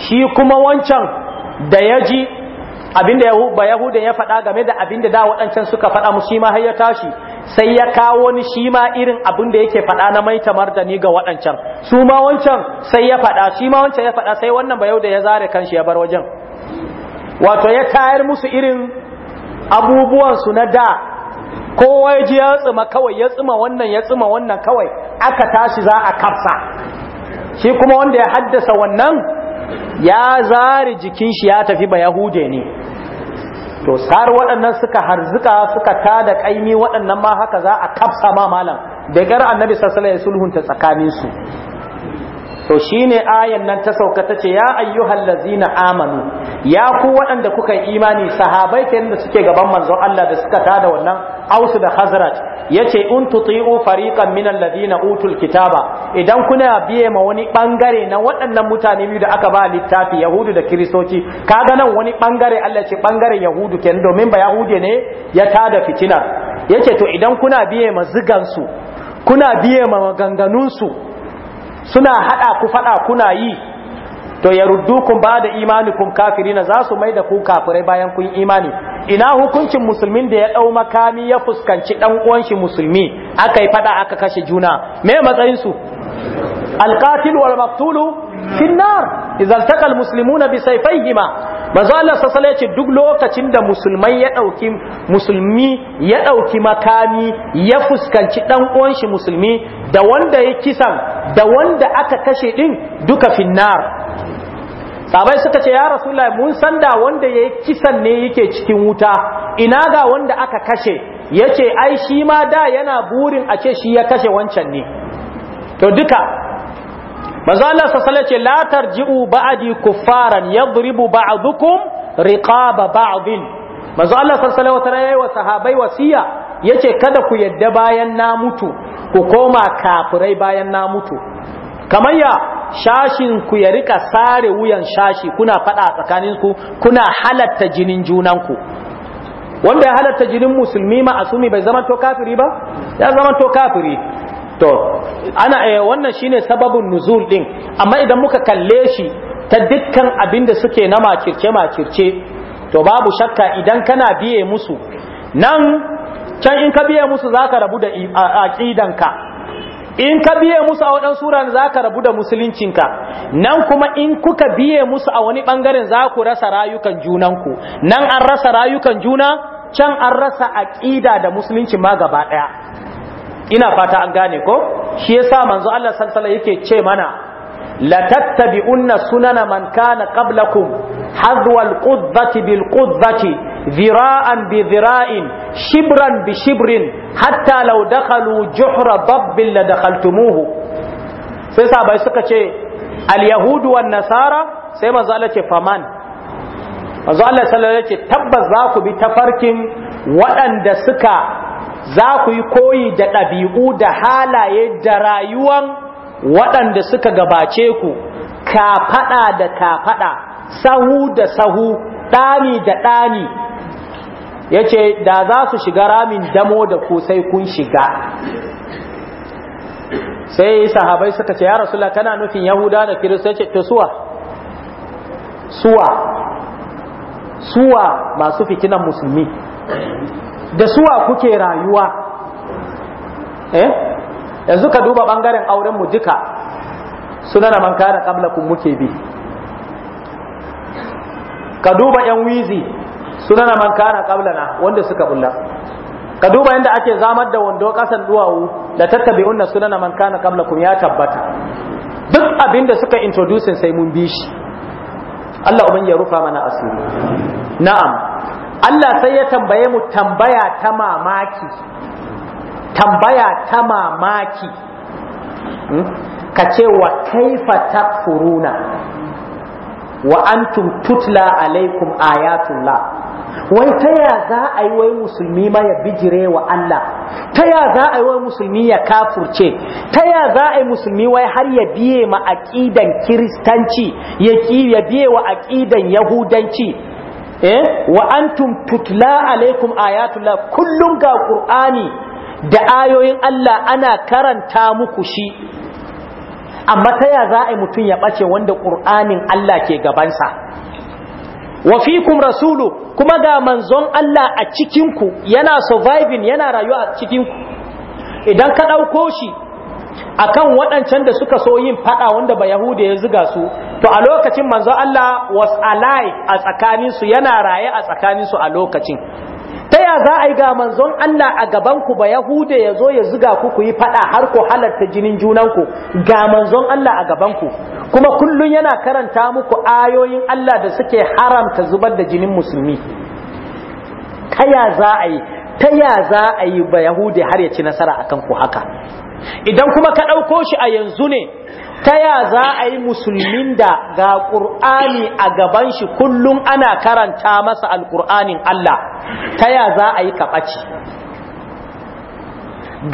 shi kuma wancan da ya ji abinda ba yahudan ya faɗa game da abinda da waɗancan suka faɗa mu shi ma har ya tashi sai ya kawo ni shi ma irin abin da yake faɗa na mai tamar da ni ga waɗancan su ma wancan sai ya faɗa shi ma wancan ya faɗa sai wannan ba yahudan ya zare kanshi ya bar wajen wato ya tayar musu irin abubuwan su na da kowa ya ji ya tsima kawai ya tsima wannan ya tsima wannan kawai aka tashi za a kafsa shi kuma wanda ya haddasa wannan ya zari jikin shi ya tafi ba yahude ne to sar waɗannan suka harzuka suka tada ƙaimi waɗannan ma haka za a kafsa ma malam da gara annabi sallallahu alaihi ya sulhunta tsakanin su to shine ayan nan ta sauka ta ce ya ayyuhal lazina amanu ya ku waɗanda kuka yi imani sahabai kenan da suke gaban manzon Allah da suka tada wannan ausu da hazrat yace in tuti'u fariqan min alladhina utul kitaba idan kuna biye ma wani bangare na waɗannan mutane biyu da aka ba littafi yahudu da kiristoci kaga nan wani bangare Allah ce bangaren yahudu kenan domin ba yahude ne ya tada fitina yace to idan kuna biye ma su kuna biye ma maganganunsu suna haɗa ku faɗa kuna yi to ya ruddukum ba da imanikum kafirina za su mai da ku kafirai bayan kun imani ina hukuncin musulmin da ya ɗau makami ya fuskanci ɗan uwan shi musulmi aka yi faɗa aka kashe juna me matsayin su alqatil wal maqtulu fin nar idza altaqa al muslimuna bi sayfayhima ce duk lokacin da musulmai ya ɗauki musulmi ya ɗauki makami ya fuskanci ɗan uwan shi musulmi da wanda ya kisan da wanda aka kashe din duka finnar sabai suka ce ya rasulullahi mun san da wanda ya kisan ne yake cikin wuta ina ga wanda aka kashe yace ai shi ma da yana burin a ce shi ya kashe wancan ne to duka manzo Allah sallallahu alaihi la tarji'u ba'di kuffaran yadribu ba'dukum riqaba ba'din manzo Allah sallallahu alaihi wa sahabai wasiya yace kada ku yadda bayan na mutu ku koma kafirai bayan na mutu kamar ya shashin ku ya rika sare wuyan shashi kuna fada tsakanin ku kuna halatta jinin junanku wanda ya halatta jinin musulmi ma asumi bai zama to kafiri ba ya zama to kafiri to ana eh, wannan shine sababin nuzul din amma idan muka kalle shi ta dukkan abin suke na makirce makirce to babu shakka idan kana biye musu nan can in ka biye musu zaka rabu da aqidanka in ka biye musu a wadan sura za ka rabu da musuluncinka nan kuma in kuka biye musu a wani bangaren, za ku rasa rayukan junanku nan an rasa rayukan juna can an rasa aƙida da musulunci ma gaba ɗaya ina fata an gane ko shi yasa manzo Allah sallallahu yake ce mana la tattabi'unna sunana man kana qablakum hadwa al-qudzati bil qudzati ذراعا بذراع شبرا بشبر حتى sai sabai suka ce al-yahudu wan nasara sai manzo Allah ce faman manzo Allah sallallahu alaihi wasallam ce tabbas za ku bi tafarkin waɗanda suka za ku yi koyi da ɗabi'u da halaye da rayuwan waɗanda suka gabace ku kafaɗa da kafaɗa sahu da sahu ɗani da ɗani ya ce da za su shiga ramin damo da ku sai kun shiga sai sahabai suka ce ya rasulullah kana nufin yahuda da kiristoci ta suwa suwa suwa masu fitinan musulmi da suwa kuke rayuwa eh yanzu ka duba bangaren auren mu duka suna na manka da kablakum muke bi ka duba yan wizi suna na manka da wanda suka bulla ka duba yadda ake zamar da wando kasan duwawu da tattabi'unna suna na manka da kablakum ya tabbata duk abin da suka introducing sai mun bi shi Allah ubin ya rufa mana asiri na'am Allah sai ya tambaye mu tambaya ta mamaki tambaya ta mamaki hmm? ka ce wa kaifa takfuruna wa antum tutla alaikum ayatullah wai ta ya za a yi wai musulmi ma ya bijire wa Allah ta ya za a yi wai musulmi ya kafurce ta ya za a yi musulmi wai har ya biye ma ƙidan kiristanci ya biye wa aƙidan yahudanci eh wa antum tutla alaikum ayatullah kullum ga qur'ani da ayoyin Allah ana karanta muku shi amma taya za a mutum ya bace wanda qur'anin Allah ke gabansa wa fiikum rasulu kuma ga manzon Allah a cikinku yana surviving yana rayuwa a cikinku idan ka dauko shi akan waɗancan da suka so yin faɗa wanda ba yahuda ya zuga su to a lokacin manzo Allah was alive a tsakanin su yana raye a tsakanin su a lokacin ta ya za a yi ga manzon Allah a gaban ku ba yahuda ya zo ya zuga ku ku yi fada har ku halarta jinin junanku ga manzon Allah a gaban ku kuma kullun yana karanta muku ayoyin Allah da suke haramta zubar da jinin musulmi ta ya za a yi ta ya za a yi ba yahudi har ya ci nasara a ku haka idan kuma ka ɗauko shi a yanzu ne ta ya za a yi musulmin da ga ƙur'ani a gaban shi kullum ana karanta masa alƙur'anin Allah ta ya za a yi kaɓaci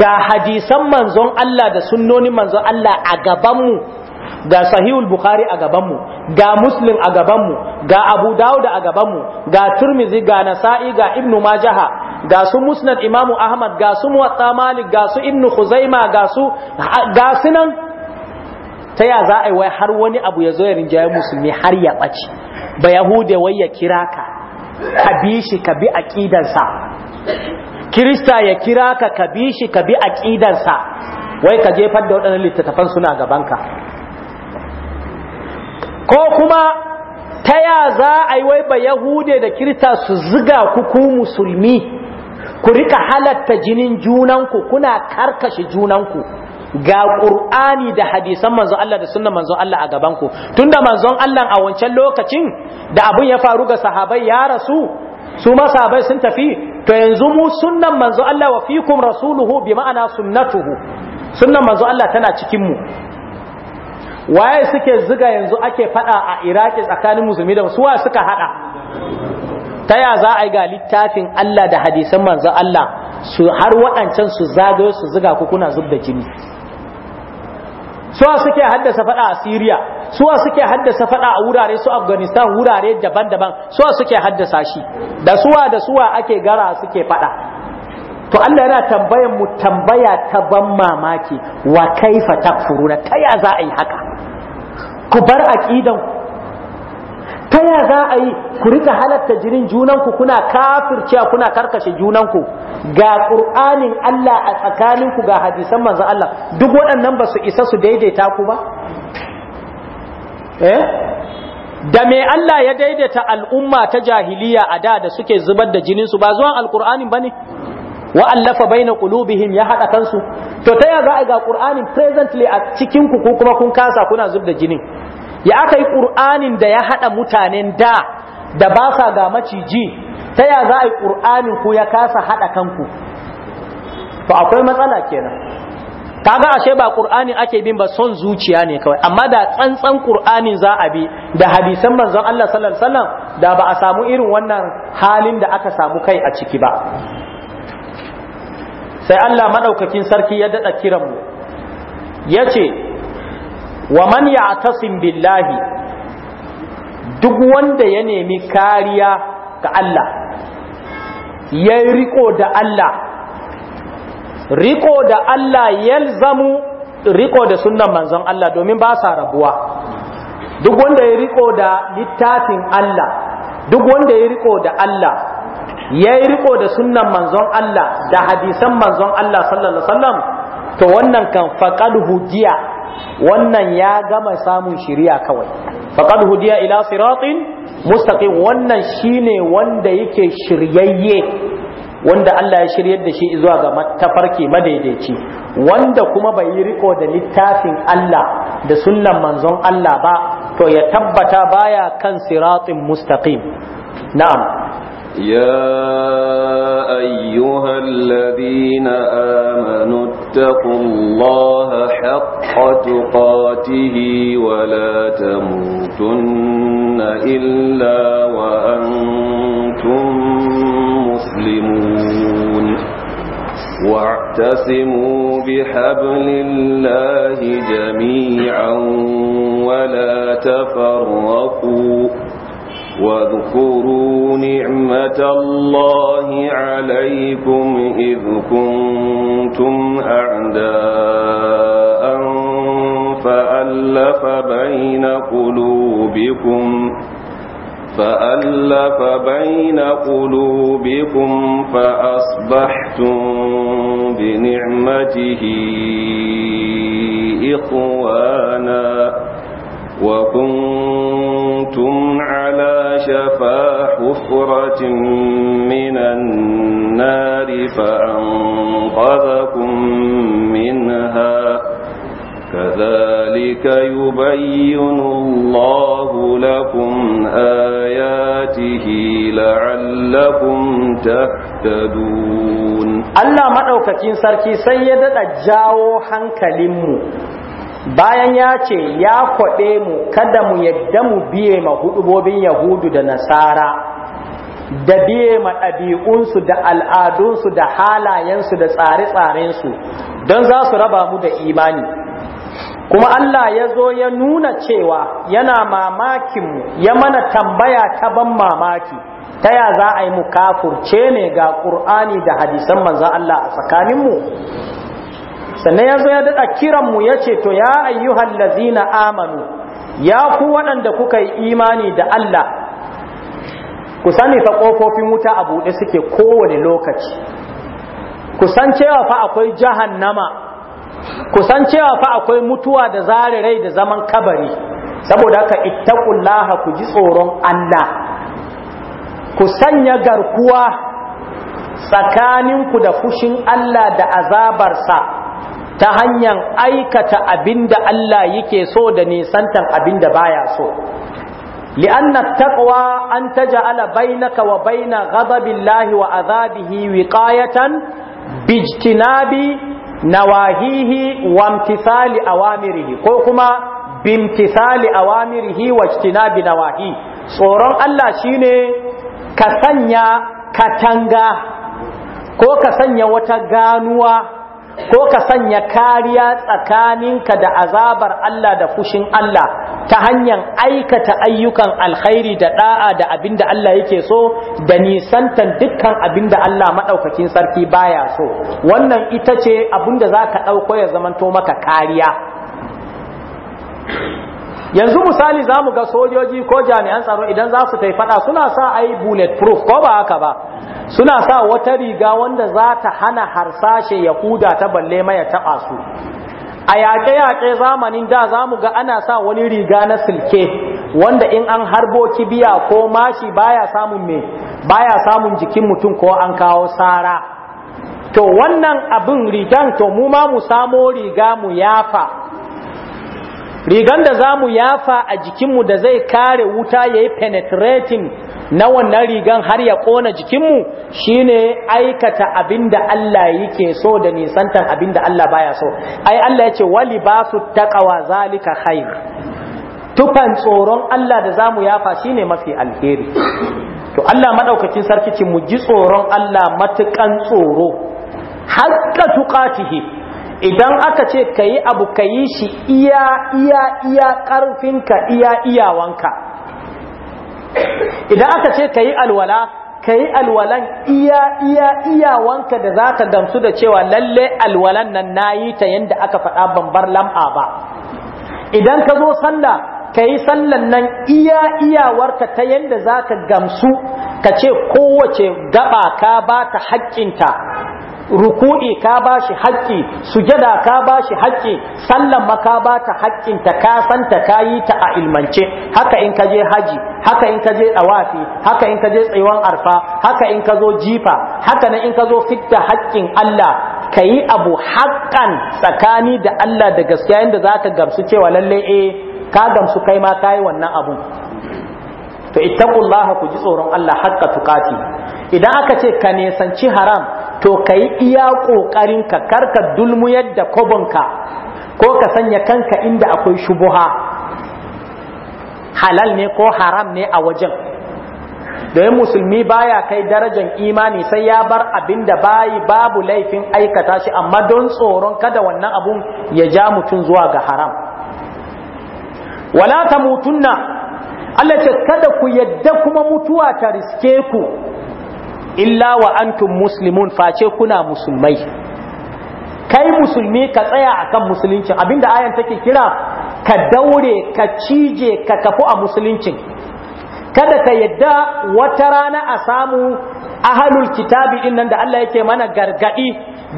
ga hadisan manzon Allah da sunnonin manzon Allah a gabanmu ga sahihul bukhari a gabanmu ga muslim a gabanmu ga abu Dawud a gabanmu ga turmizi ga nasa'i ga ibnu majaha ga su musnad imamu ahmad ga su muwatta malik ga su ibnu khuzaima ga su ga su nan ta ya za a yi wai har wani abu ya zo ya rinjaye musulmi har ya ɓace ba yahude wai ya kira ka ka bi shi ka bi aƙidansa kirista ya kira ka ka bi shi ka bi aƙidansa wai ka jefar da waɗannan littattafan suna gabanka ko kuma ta ya za a yi wai ba Yahude da Kirista su ziga ku ku musulmi ku rika halatta jinin junanku kuna karkashe junanku ga qur'ani da hadisan manzon Allah da sunnan manzon Allah a gabanku ku tunda manzon Allah a wancan lokacin da abun ya faru ga sahabai ya rasu su ma sahabbai sun tafi to yanzu mu sunnan manzon Allah wa fikum rasuluhu bi ma'ana sunnatuhu sunnan manzon Allah tana cikin mu waye suke ziga yanzu ake fada a Iraki tsakanin musulmi da su waye suka hada ta ya za a yi ga littafin Allah da hadisan manzon Allah su har waɗancan su zagayo su ziga ku kuna zub da jini suwa suke haddasa fada a Syria suwa suke haddasa faɗa a wurare su Afghanistan wurare daban-daban suwa suke haddasa shi da suwa da suwa ake gara suke fada to Allah yana tambayan mu tambaya ta ban mamaki wa kaifa takfuruna ta ya za a yi haka ku bar aqidan ta ya za a yi ku rika halatta jinin junanku kuna cewa kuna karkashe junanku ga ƙur'anin Allah a tsakaninku ga hadisan manzan Allah duk waɗannan ba su isa su daidaita ku ba eh da me Allah ya daidaita al'umma ta jahiliya a da da suke zubar da jininsu ba zuwan alƙur'anin ba ne wa'allafa bai na ƙulubihim ya haɗa kansu to ta yaza a ga ƙur'anin presently a cikinku ko kuma kun kasa kuna zub da jinin ya aka yi ƙur'anin da ya haɗa mutanen da da ba sa ga maciji ta ya za a yi ƙur'anin ku ya kasa haɗa kanku to akwai matsala kenan kaga ashe ba ƙur'ani ake bin ba son zuciya ne kawai amma da tsantsan ƙur'ani za a bi da hadisan manzon Allah sallallahu alaihi wasallam da ba a samu irin wannan halin da aka samu kai a ciki ba sai Allah madaukakin sarki ya daɗa kiran mu yace wa man ya'tasim billahi duk wanda ya nemi kariya ga Allah ya riko da Allah riko da Allah yalzamu riko da sunnan manzon Allah domin ba sa rabuwa duk wanda ya riko da littafin Allah duk wanda ya riko da Allah ya yi riko da sunnan manzon Allah da hadisan manzon Allah sallallahu alaihi wasallam to wannan kan faqad jiya. wannan ya gama samun shiriya kawai faqad hudiya ila siratin mustaqim wannan shine wanda yake shiryayye wanda Allah ya shiryar da shi zuwa ga tafarki madaidaici wanda kuma bai yi riko da littafin Allah da sunnan manzon Allah ba to ya tabbata baya kan siratin mustaqim na'am يا أيها الذين آمنوا اتقوا الله حق تقاته ولا تموتن إلا وأنتم مسلمون واعتصموا بحبل الله جميعا ولا تفرقوا واذكروا نعمة الله عليكم إذ كنتم أعداء فألف بين قلوبكم فألف بين قلوبكم فأصبحتم بنعمته إخوانا وكنتم جَفَا حُفْرَةٍ مِّنَ النَّارِ فَأَنقَذَكُم مِّنْهَا كَذَلِكَ يُبَيِّنُ اللَّهُ لَكُمْ آيَاتِهِ لَعَلَّكُمْ تَهْتَدُونَ Allah madaukakin sarki sai ya dada jawo hankalinmu bayan ya ce ya kwaɗe mu kada mu yadda mu biye ma hudubobin yahudu da nasara da biye ma ɗabi'unsu da al'adunsu da halayensu da tsare-tsarensu don za su raba mu da imani kuma Allah ya zo ya nuna cewa yana mamakin mu ya mana tambaya ta ban mamaki ta ya za a yi mu kafurce ne ga ƙur'ani da hadisan manzan Allah a tsakaninmu sannan ya zo ya daɗa kiranmu ya ce to ya ayyuhal lazina amanu ya ku waɗanda kuka yi imani da Allah ku sani fa ƙofofin wuta a buɗe suke kowane lokaci ku san cewa fa akwai jahannama ku san cewa fa akwai mutuwa da zare rai da zaman kabari saboda haka ittaqullaha ku ji tsoron Allah ku sanya garkuwa tsakaninku da fushin Allah da azabarsa ta hanyar aikata abinda Allah yake so da nisantan abinda baya so لأن التقوى أن تجعل بينك وبين غضب الله وعذابه وقاية باجتناب نواهيه وامتثال أوامره kuma بامتثال أوامره واجتناب نواهيه tsoron Allah shine ka sanya katanga ko ka sanya wata ganuwa ko ka sanya kariya tsakaninka da azabar Allah da fushin Allah ta hanyar aikata ayyukan alkhairi da da'a da abin da Allah yake so da nisantan dukkan abin da Allah maɗaukakin sarki baya so wannan ita ce abin da za ka ɗauko ya zamanto maka kariya yanzu misali za mu ga sojoji ko jami'an tsaro idan za su fada suna sa a yi bulletproof ko ba haka ba suna sa wata riga wanda za ta hana harsashe ya huda ta balle mai ya taɓa su a yaƙe-yaƙe zamanin da za mu ga ana sa wani riga na silke wanda in an harbo kibiya ko mashi baya samun me baya samun jikin mutum ko an kawo sara to wannan abin rigan to mu ma mu samo riga mu yafa rigan da za mu yafa a jikinmu da zai kare wuta ya yi penetrating na wannan rigan har ya ƙona jikinmu shine aikata abin da Allah yake so da nisantar abin da Allah baya so ai Allah ya ce wali ba su taƙawa zalika khair tufan tsoron Allah da za mu yafa shine mafi alheri to Allah maɗaukacin sarki mu ji tsoron Allah matuƙan tsoro haƙƙa tuƙatihi idan aka ce ka yi abu ka yi shi iya iya iya ƙarfinka iya iyawanka idan aka ce ka yi alwala ka yi alwalan iya iya iyawanka da za ka gamsu da cewa lalle alwalan nan na yi ta yadda aka faɗa bambar lam'a ba idan ka zo sallah ka yi sallan nan iya iyawarka ta yadda za ka gamsu ka ce kowace gaba ka ba ta haƙƙinta ruku'i ka bashi haƙƙi sujada ka bashi haƙƙi sallan ma ka bata haƙƙin ta ka san ta kayi ta a ilmance haka in ka je haji haka in ka je tsawafi haka in ka je tsayuwan arfa haka in ka zo jifa haka nan in ka zo fitta haƙƙin Allah kayi abu haƙƙan tsakani da Allah da gaskiya inda zaka gamsu cewa lalle eh ka gamsu kai ma kayi wannan abun to ittaqullaha ku ji tsoron Allah haqqa tuqati idan aka ce ka nesanci haram to ka yi iya ƙoƙarinka karka dulmu yadda kobonka ko ka sanya kanka inda akwai shubuha halal ne ko haram ne a wajen domin musulmi baya kai darajan imani sai ya bar abin da bayi babu laifin aikata shi amma don tsoron kada wannan abun ya ja mutum zuwa ga haram wala ta mutunna Allah ce kada ku yadda kuma mutuwa ta riske ku illa wa antum muslimun face kuna musulmai kai musulmi ka tsaya akan musulunci abinda ayan take kira ka daure ka cije ka kafu a musuluncin kada ka yadda wata rana a samu ahalul kitabi din nan da Allah yake mana gargadi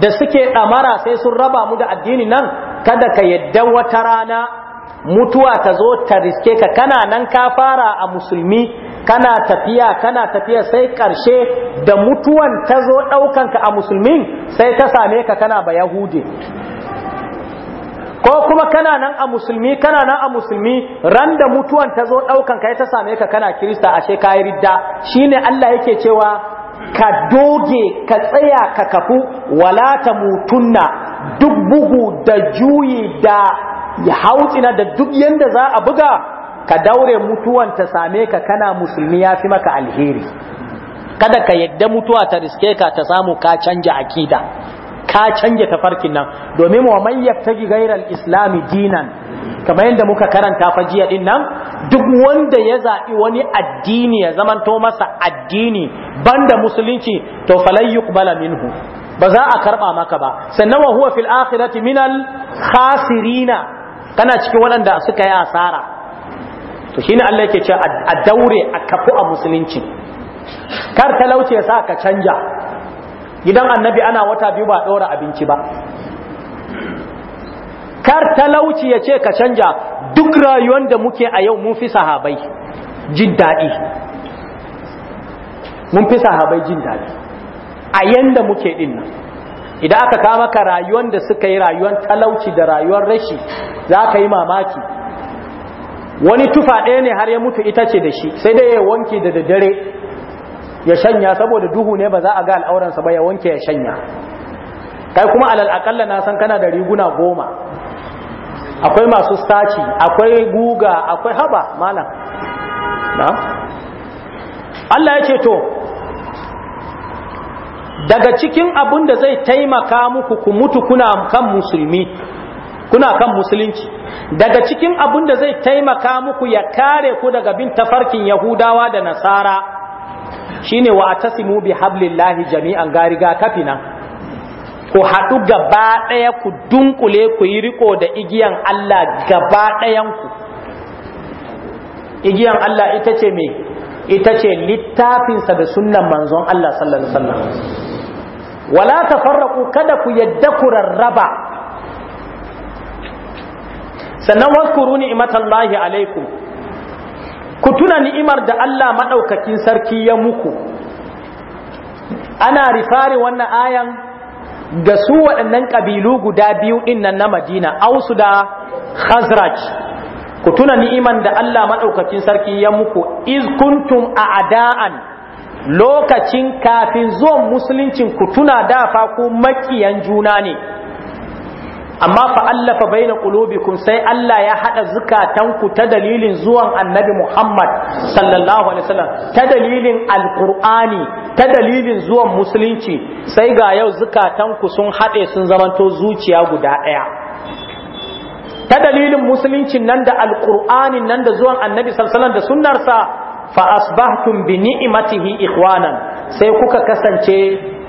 da suke damara sai sun raba mu da addini nan kada ka yadda wata rana mutuwa ta zo ta riske ka kana nan ka fara a musulmi kana tafiya kana tafiya sai karshe da mutuwan ta zo ɗaukanka a musulmin sai ta same ka kana ba yahude ko kuma kana nan a musulmi kana nan a musulmi ran da mutuwan ta zo ɗaukan ka ta same ka kana kirista ashe ka yi ridda shine Allah yake cewa ka doge ka tsaya ka kafu wala ta mutunna duk bugu da juyi da ya hautsina da duk yanda za a buga ka daure mutuwan ta same ka kana musulmi ya fi maka alheri kada ka yadda mutuwa ta riske ka ta samu ka canja akida ka canja tafarkin nan domin wa man yaftaki gairal islami dinan kamar yadda muka karanta fa jiya din nan duk wanda ya zaɓi wani addini ya zamanto masa addini banda musulunci to falai yuqbala minhu ba za a karba maka ba sannan wa huwa fil akhirati minal khasirina kana cikin waɗanda suka yi asara to shine Allah yake cewa a daure a kafu a musulunci kar talauci ya sa ka canja gidan annabi ana wata biyu ba ɗora abinci ba kar talauci ya ce ka canja duk rayuwar da muke a yau mun fi sahabai jin daɗi mun fi sahabai jin daɗi a yanda muke ɗin idan aka kawo maka rayuwar da suka yi rayuwar talauci da rayuwar rashi za ka yi mamaki wani tufa ɗaya ne har ya mutu ita ce da shi sai dai ya wanke da daddare ya shanya saboda duhu ne ba za a ga al'auransa ba ya wanke ya shanya kai kuma alal akalla na san kana da riguna goma akwai masu staci akwai guga akwai haba malam Allah ya ce to daga cikin abin da zai taimaka muku ku mutu kuna kan musulmi kuna kan musulunci daga cikin abin da zai taimaka muku ya kare ku daga bin tafarkin yahudawa da nasara shine wa atasimu bi hablillahi jami'an gariga kafina ku haɗu gaba ɗaya ku dunkule ku yi riko da igiyan Allah gaba ɗayanku igiyan Allah ita ce me ita ce littafinsa da sunnan manzon Allah sallallahu alaihi wasallam wala tafarraqu kada ku yadda ku rarraba sannan waskuru ni'matallahi alaikum ku tuna ni'imar da Allah madaukakin sarki ya muku ana rifari wannan ayan ga su waɗannan ƙabilu guda biyu ɗinnan na Madina ausu da Khazraj ku tuna ni'iman da Allah madaukakin sarki ya muku iz kuntum a'da'an lokacin kafin zuwan musuluncin ku tuna dafa ku makiyan juna ne amma fa allafa baina qulubikum sai Allah ya hada zukatanku ta dalilin zuwan Annabi Muhammad sallallahu alaihi wasallam ta dalilin alqur'ani ta dalilin zuwan musulunci sai ga yau zukatanku sun hade sun zamanto zuciya guda daya ta dalilin musuluncin nan da alqur'ani nan da zuwan Annabi sallallahu alaihi wasallam da sunnarsa fa asbahtum bi ni'matihi ikhwanan sai kuka kasance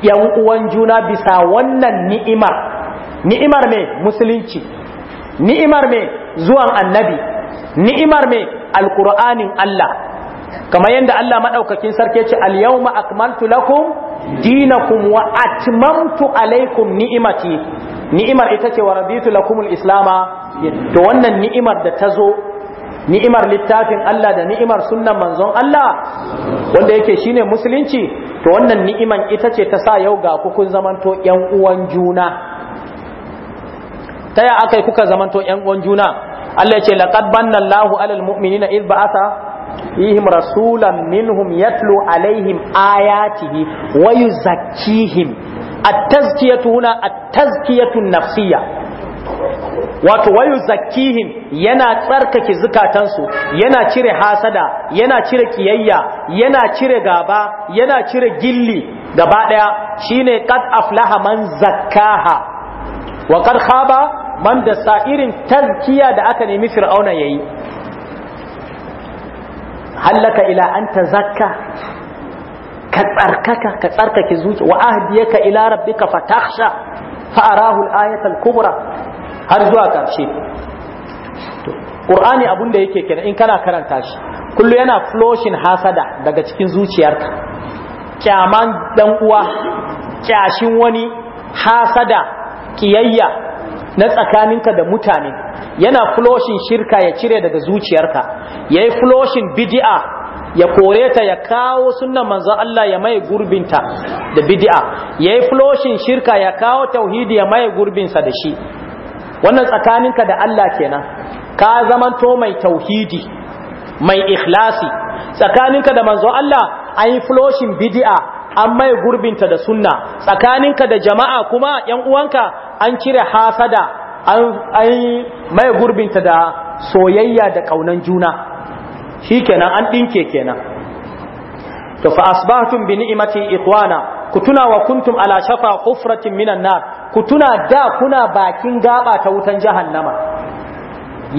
yan uwan juna bisa wannan ni'imar ni'imar me musulunci ni'imar me zuwan annabi ni'imar me alqur'anin Allah kamar yadda Allah madaukakin sarki ce al yawma akmaltu lakum dinakum wa atmamtu alaikum ni'imati ni'imar ita ce wa raditu lakumul islama to wannan ni'imar da ta zo ni'imar littafin Allah da ni'imar sunnan manzon Allah wanda yake shine musulunci to wannan ni'iman ita ce ta sa yau ga ku kun zamanto 'yan uwan juna ta ya akai kuka zamanto 'yan uwan juna Allah ya ce laqad banna Allahu alal mu'minina id ba'atha fihim rasulan minhum yatlu alaihim ayatihi wa yuzakkihim at-tazkiyatu huna at-tazkiyatu an-nafsiyya wato wayu zakkihim yana tsarkake zukatansu yana cire hasada yana cire kiyayya yana cire gaba yana cire gilli gaba daya shine qad aflaha man zakkaha wa qad khaba man da sa'irin tazkiya da aka nemi fir'auna yayi hallaka ila an tazakka ka tsarkaka ka tsarkake zuciya wa ahdiyaka ila rabbika fatakhsha fa arahu al-ayata al-kubra har zuwa ƙarshe Qur'ani abun da yake kenan in kana karanta shi kullu yana floshin hasada daga cikin zuciyarka kyaman dan uwa kyashin wani hasada kiyayya na tsakaninka da mutane yana floshin shirka ya cire daga zuciyarka yayi floshin bid'a ya kore ta ya kawo sunnan manzo Allah ya mai gurbinta da bid'a yayi floshin shirka ya kawo tauhidi ya mai gurbinsa da shi wannan tsakaninka da Allah kenan ka zamanto mai tauhidi mai ikhlasi tsakaninka da manzo Allah an yi floshin bid'a an mai gurbinta da sunna tsakaninka da jama'a kuma yan uwanka an cire hasada an mai gurbinta da soyayya da kaunan juna shikenan an dinke kenan to fa asbahtum bi ni'mati ikhwana ku tuna wa kuntum ala shafa hufratin minan nar ku tuna da kuna bakin gaba ta wutan jahannama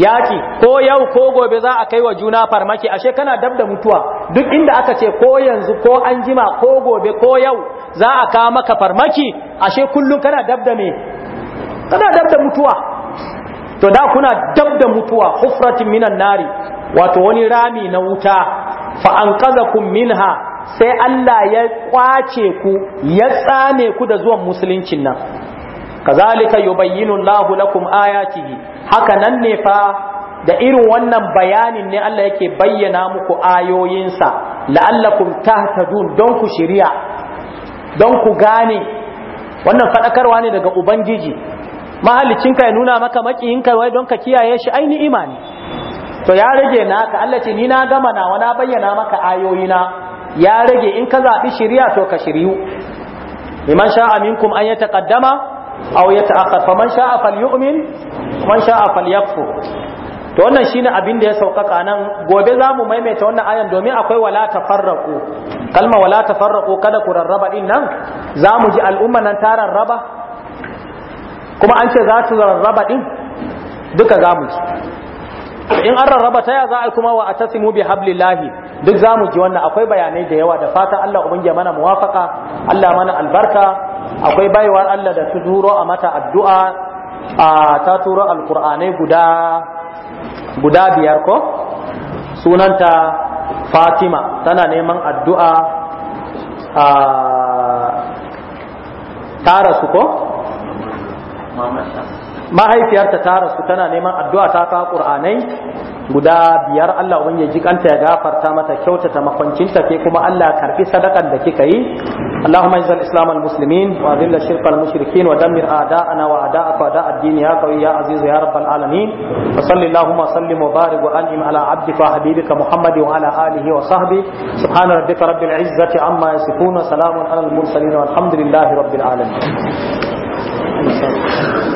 ya ce ko yau ko gobe za a kai wa juna farmaki ashe kana dab da mutuwa duk inda aka ce ko yanzu ko an jima ko gobe ko yau za a kawo maka farmaki ashe kullum kana dab da me kana dab da mutuwa to da kuna dab da mutuwa hufratin minan nari wato wani rami na wuta fa an anqazakum minha sai Allah ya kwace ku ya tsame ku da zuwan musuluncin nan kazalika yubayyinu Allahu lakum ayatihi haka nan ne fa da irin wannan bayanin ne Allah yake bayyana muku ayoyinsa la'allakum tahtadun don ku shiriya don ku gane wannan fadakarwa ne daga ubangiji ka ya nuna maka makiyinka wai don ka kiyaye shi aini imani to ya rage naka Allah ce ni na gama nawa na bayyana maka ayoyina ya rage in ka zaɓi shiriya to ka shiriyu liman sha'a minkum an yataqaddama aw ya ta'akhkhar faman sha'a falyu'min man sha'a falyakfur to wannan shine abin da ya saukaka nan gobe za mu maimaita wannan ayan domin akwai wala tafarraqu kalma wala tafarraqu kada ku rarraba din nan za mu ji al'umma nan ta rarraba kuma an ce za su rarraba din duka za mu ji in an rarraba ta ya za a kuma wa atasimu bi hablillahi duk zamu ji wannan akwai bayanai da yawa da fatan Allah ubangiji mana muwafaka Allah mana albarka akwai baiwar Allah da su turo a mata addu'a ta turo alkur'anai guda guda biyar ko sunanta fatima tana neman addu'a a tara su ko mahaifiyarta ta rasu tana neman addu'a ta ka qur'anai guda biyar Allah wani ya ji kanta ya gafarta mata kyautata makwancinta ke kuma Allah karbi sadakan da kika yi Allahumma izal islam al muslimin wa dhil shirka al mushrikin wa dammir a'da'ana wa a'da'aka wa da'a din ya qawi ya aziz ya rabbal alamin wa salli wa sallim wa barik wa an'im ala abdika wa habibika Muhammad wa ala alihi wa sahbihi subhana rabbika rabbil izzati amma yasifun salamun ala al mursalin walhamdulillahi rabbil alamin